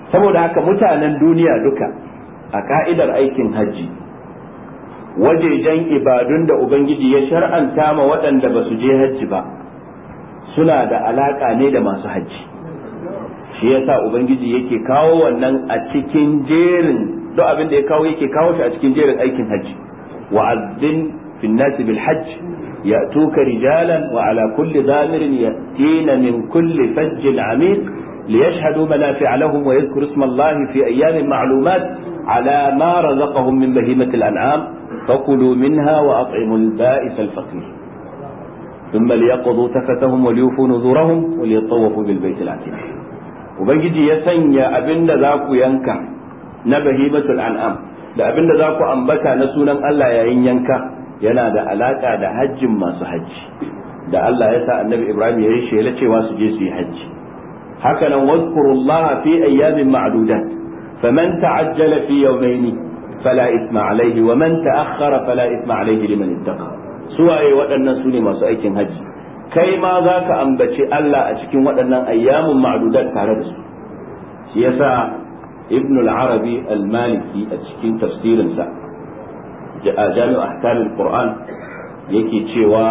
saboda haka mutanen duniya duka a ka'idar aikin hajji wajejen ibadun da ubangiji ya shar'anta ma waɗanda ba su je hajji ba suna da alaƙa ne da masu hajji shi yasa ubangiji yake kawo wannan a cikin jerin duk abin da ya kawo yake kawo shi a cikin jerin aikin hajji wa azzin fin nasi bil hajj ya'tuka rijalan wa ala kulli zamirin yatina min kulli fajjin amiq ليشهدوا منافع لهم ويذكروا اسم الله في أيام معلومات على ما رزقهم من بهيمة الأنعام فكلوا منها وأطعموا البائس الفقير ثم ليقضوا تفتهم وليوفوا نذورهم وليطوفوا بالبيت العتيق ubangiji ya sanya abinda za ku yanka na bahimatul an'am da abinda za ku ambata na sunan Allah yayin yanka yana da alaka da hajjin masu hajji da Allah ya sa annabi Ibrahim ya yi shela cewa su je su yi hajji haka nan wadkurullaha fi ayyamin ma'dudat faman ta'ajjala fi yawmayni fala isma alayhi wa man ta'akhkhara fala isma alayhi liman ittaqa suwaye waɗannan su ne masu aikin hajji kai ma za ka ambaci Allah a cikin waɗannan ayyamun ma'adudan tare da su shi yasa ibn al-arabi al-maliki a cikin tafsirinsa jami'u ahkam al-qur'an yake cewa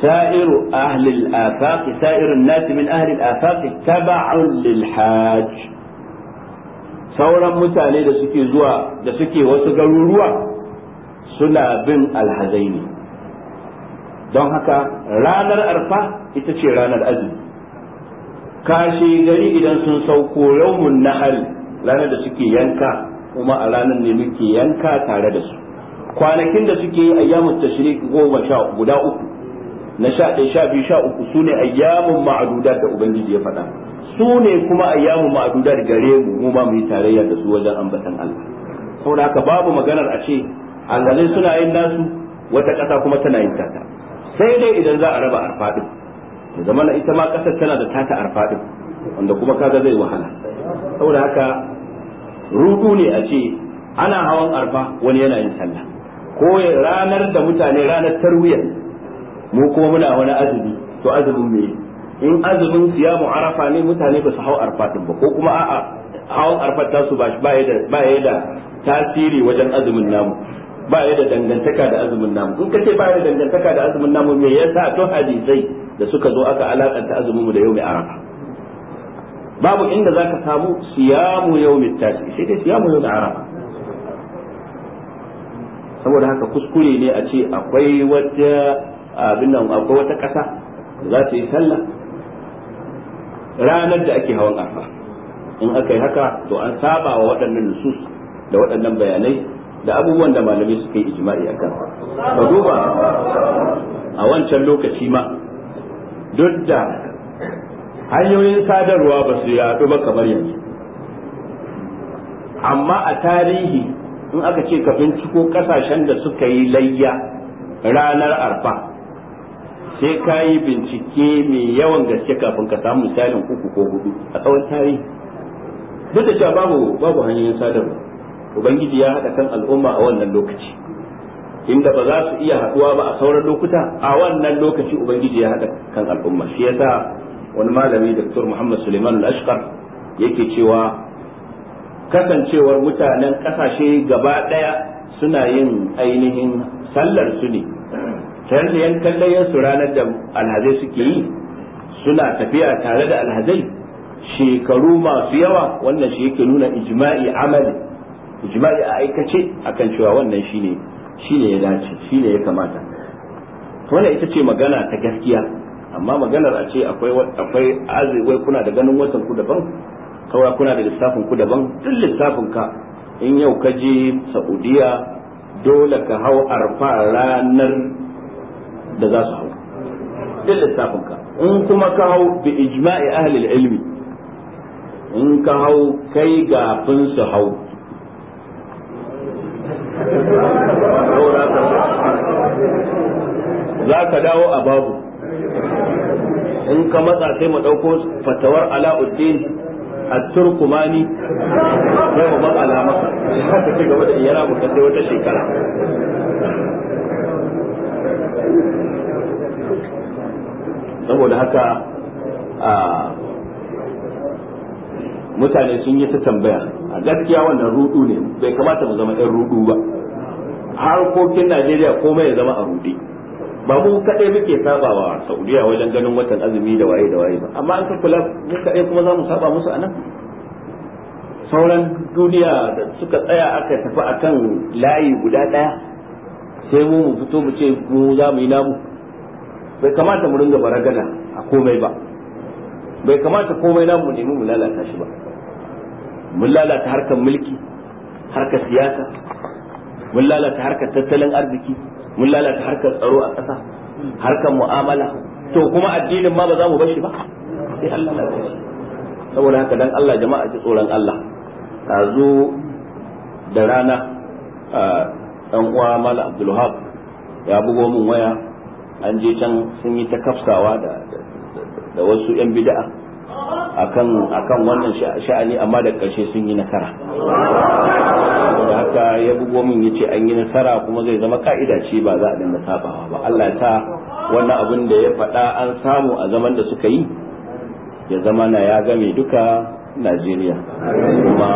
sa'iru ahli al-afaq sa'iru an-nas min ahli al-afaq sauran mutane da suke da suke wasu garuruwa suna bin alhazai don haka ranar arfa ita ce ranar azumi kashi gari idan sun sauko yawmun nahar ranar da suke yanka kuma a ranar ne muke yanka tare da su kwanakin da suke yi ayyamun tashrik goma sha guda uku na sha ɗaya sha biyu sha uku su ne ayyamun ma'adudar da ubangiji ya faɗa su ne kuma ayyamun ma'adudar gare mu mu ba mu yi tarayya da su wajen ambatan Allah saboda haka babu maganar a ce alhalai suna yin nasu wata ƙasa kuma tana yin tata sai dai idan za a raba arfaɗin da zama na ita ma ƙasar tana da tata arfaɗin wanda kuma kaga zai wahala saboda haka rudu ne a ce ana hawan arfa wani yana yin sallah ko ranar da mutane ranar tarwiyar mu kuma muna wani azumi to azumin me in azumin siyamu arafa ne mutane ba su hau arfa ba ko kuma a'a hawan arfa ta su ba ya da tasiri wajen azumin namu ba ya da dangantaka da azumin namu in ka ce ba ya da dangantaka da azumin namu me yasa to hadisai da suka zo aka alakanta azumin mu da yau mai arafa babu inda zaka samu siyamu mai tashi sai dai siyamu mai arafa saboda haka kuskure ne a ce akwai wata abin nan akwai wata ƙasa za ta yi sallah ranar da ake hawan arafa in aka yi haka to an saba wa waɗannan nusus da waɗannan bayanai da abubuwan da malamai suka yi ijma'i a kan ka duba a wancan lokaci ma duk da hanyoyin sadarwa ba su yaɗu ba kamar yanzu amma a tarihi in aka ce ka binciko ƙasashen da suka yi layya ranar arfa sai ka yi bincike mai yawan gaske kafin ka samu misalin uku ko hudu a tsawon tarihi duk da cewa babu hanyoyin sadarwa ubangiji ya haɗa kan al'umma a wannan lokaci inda ba za su iya haɗuwa ba a sauran lokuta a wannan lokaci ubangiji ya haɗa kan al'umma shi yasa wani malami dr muhammad suleiman al-ashqar yake cewa kasancewar mutanen ƙasashe gaba ɗaya suna yin ainihin sallar su ne ta kallayen su ranar da alhazai suke yi suna tafiya tare da alhazai shekaru masu yawa wannan shi yake nuna ijma'i amali ijma'i a aikace akan cewa wannan shine shine ya dace shine ya kamata wannan ita ce magana ta gaskiya amma maganar a ce akwai akwai wai kuna da ganin watan ku daban kawai kuna da lissafin ku daban duk lissafin ka in yau ka je Saudiya dole ka hau arfa ranar da za su hau duk lissafin ka in kuma ka hau bi ijma'i ahli ilmi in ka hau kai gafin su hau za ka dawo a babu in ka matsa sai mu ɗauko fatawar ala'uddin a turkumani sai mu matsala maka ta ci gaba da iyara mu kasai wata shekara saboda haka a mutane sun yi ta tambaya a gaskiya wannan rudu ne bai kamata mu zama 'yan rudu ba harkokin Najeriya komai ya zama a rude ba mu kaɗai muke sabawa Saudiya wajen ganin watan azumi da waye da waye ba amma an ka kula mu kaɗai kuma za mu saba musu anan sauran duniya da suka tsaya aka tafi akan layi guda ɗaya sai mu mu fito mu ce mu za mu yi namu bai kamata mu ringa baragana a komai ba bai kamata komai namu mu nemi mu lalata shi ba mun lalata harkar mulki harkar siyasa mun lalata harkar tattalin arziki mun lalata harkar tsaro a ƙasa harkar mu'amala to kuma addinin ma ba za mu bar shi ba sai Allah ya bar saboda haka dan Allah jama'a ji tsoron Allah zo da rana dan uwa Malam Abdulhab ya bugo min waya an je can sun yi ta kafsawa da da wasu yan bid'a akan akan wannan sha'ani amma da ƙarshe sun yi nasara saboda haka ya bugo min yace an yi nasara kuma zai zama ka'ida ce ba za a dinga sabawa ba Allah ya sa wannan abin da ya faɗa an samu a zaman da suka yi ya zama na ya game duka Najeriya kuma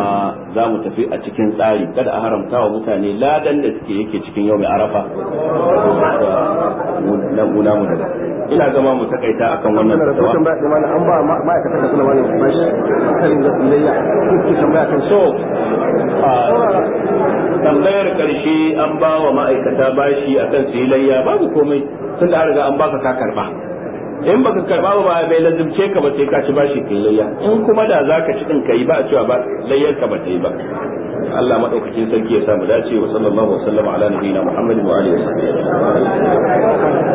za mu tafi a cikin tsari kada a haramta wa mutane ladan da suke yake cikin yau mai arafa na guna mu daga ina zama mu takaita akan wannan fatawa so tambayar karshe an ba wa ma'aikata bashi akan su yi layya babu komai tun da an riga an baka ka karba in baka karba ba bai lazimce ka ba sai ka ci bashi kai lauya. in kuma da zaka ci din kai ba a cewa ba layyar ka ba tai ba Allah madaukakin sarki ya samu dace wa sallallahu alaihi wa sallam ala nabiyina Muhammadin wa alihi wa sahbihi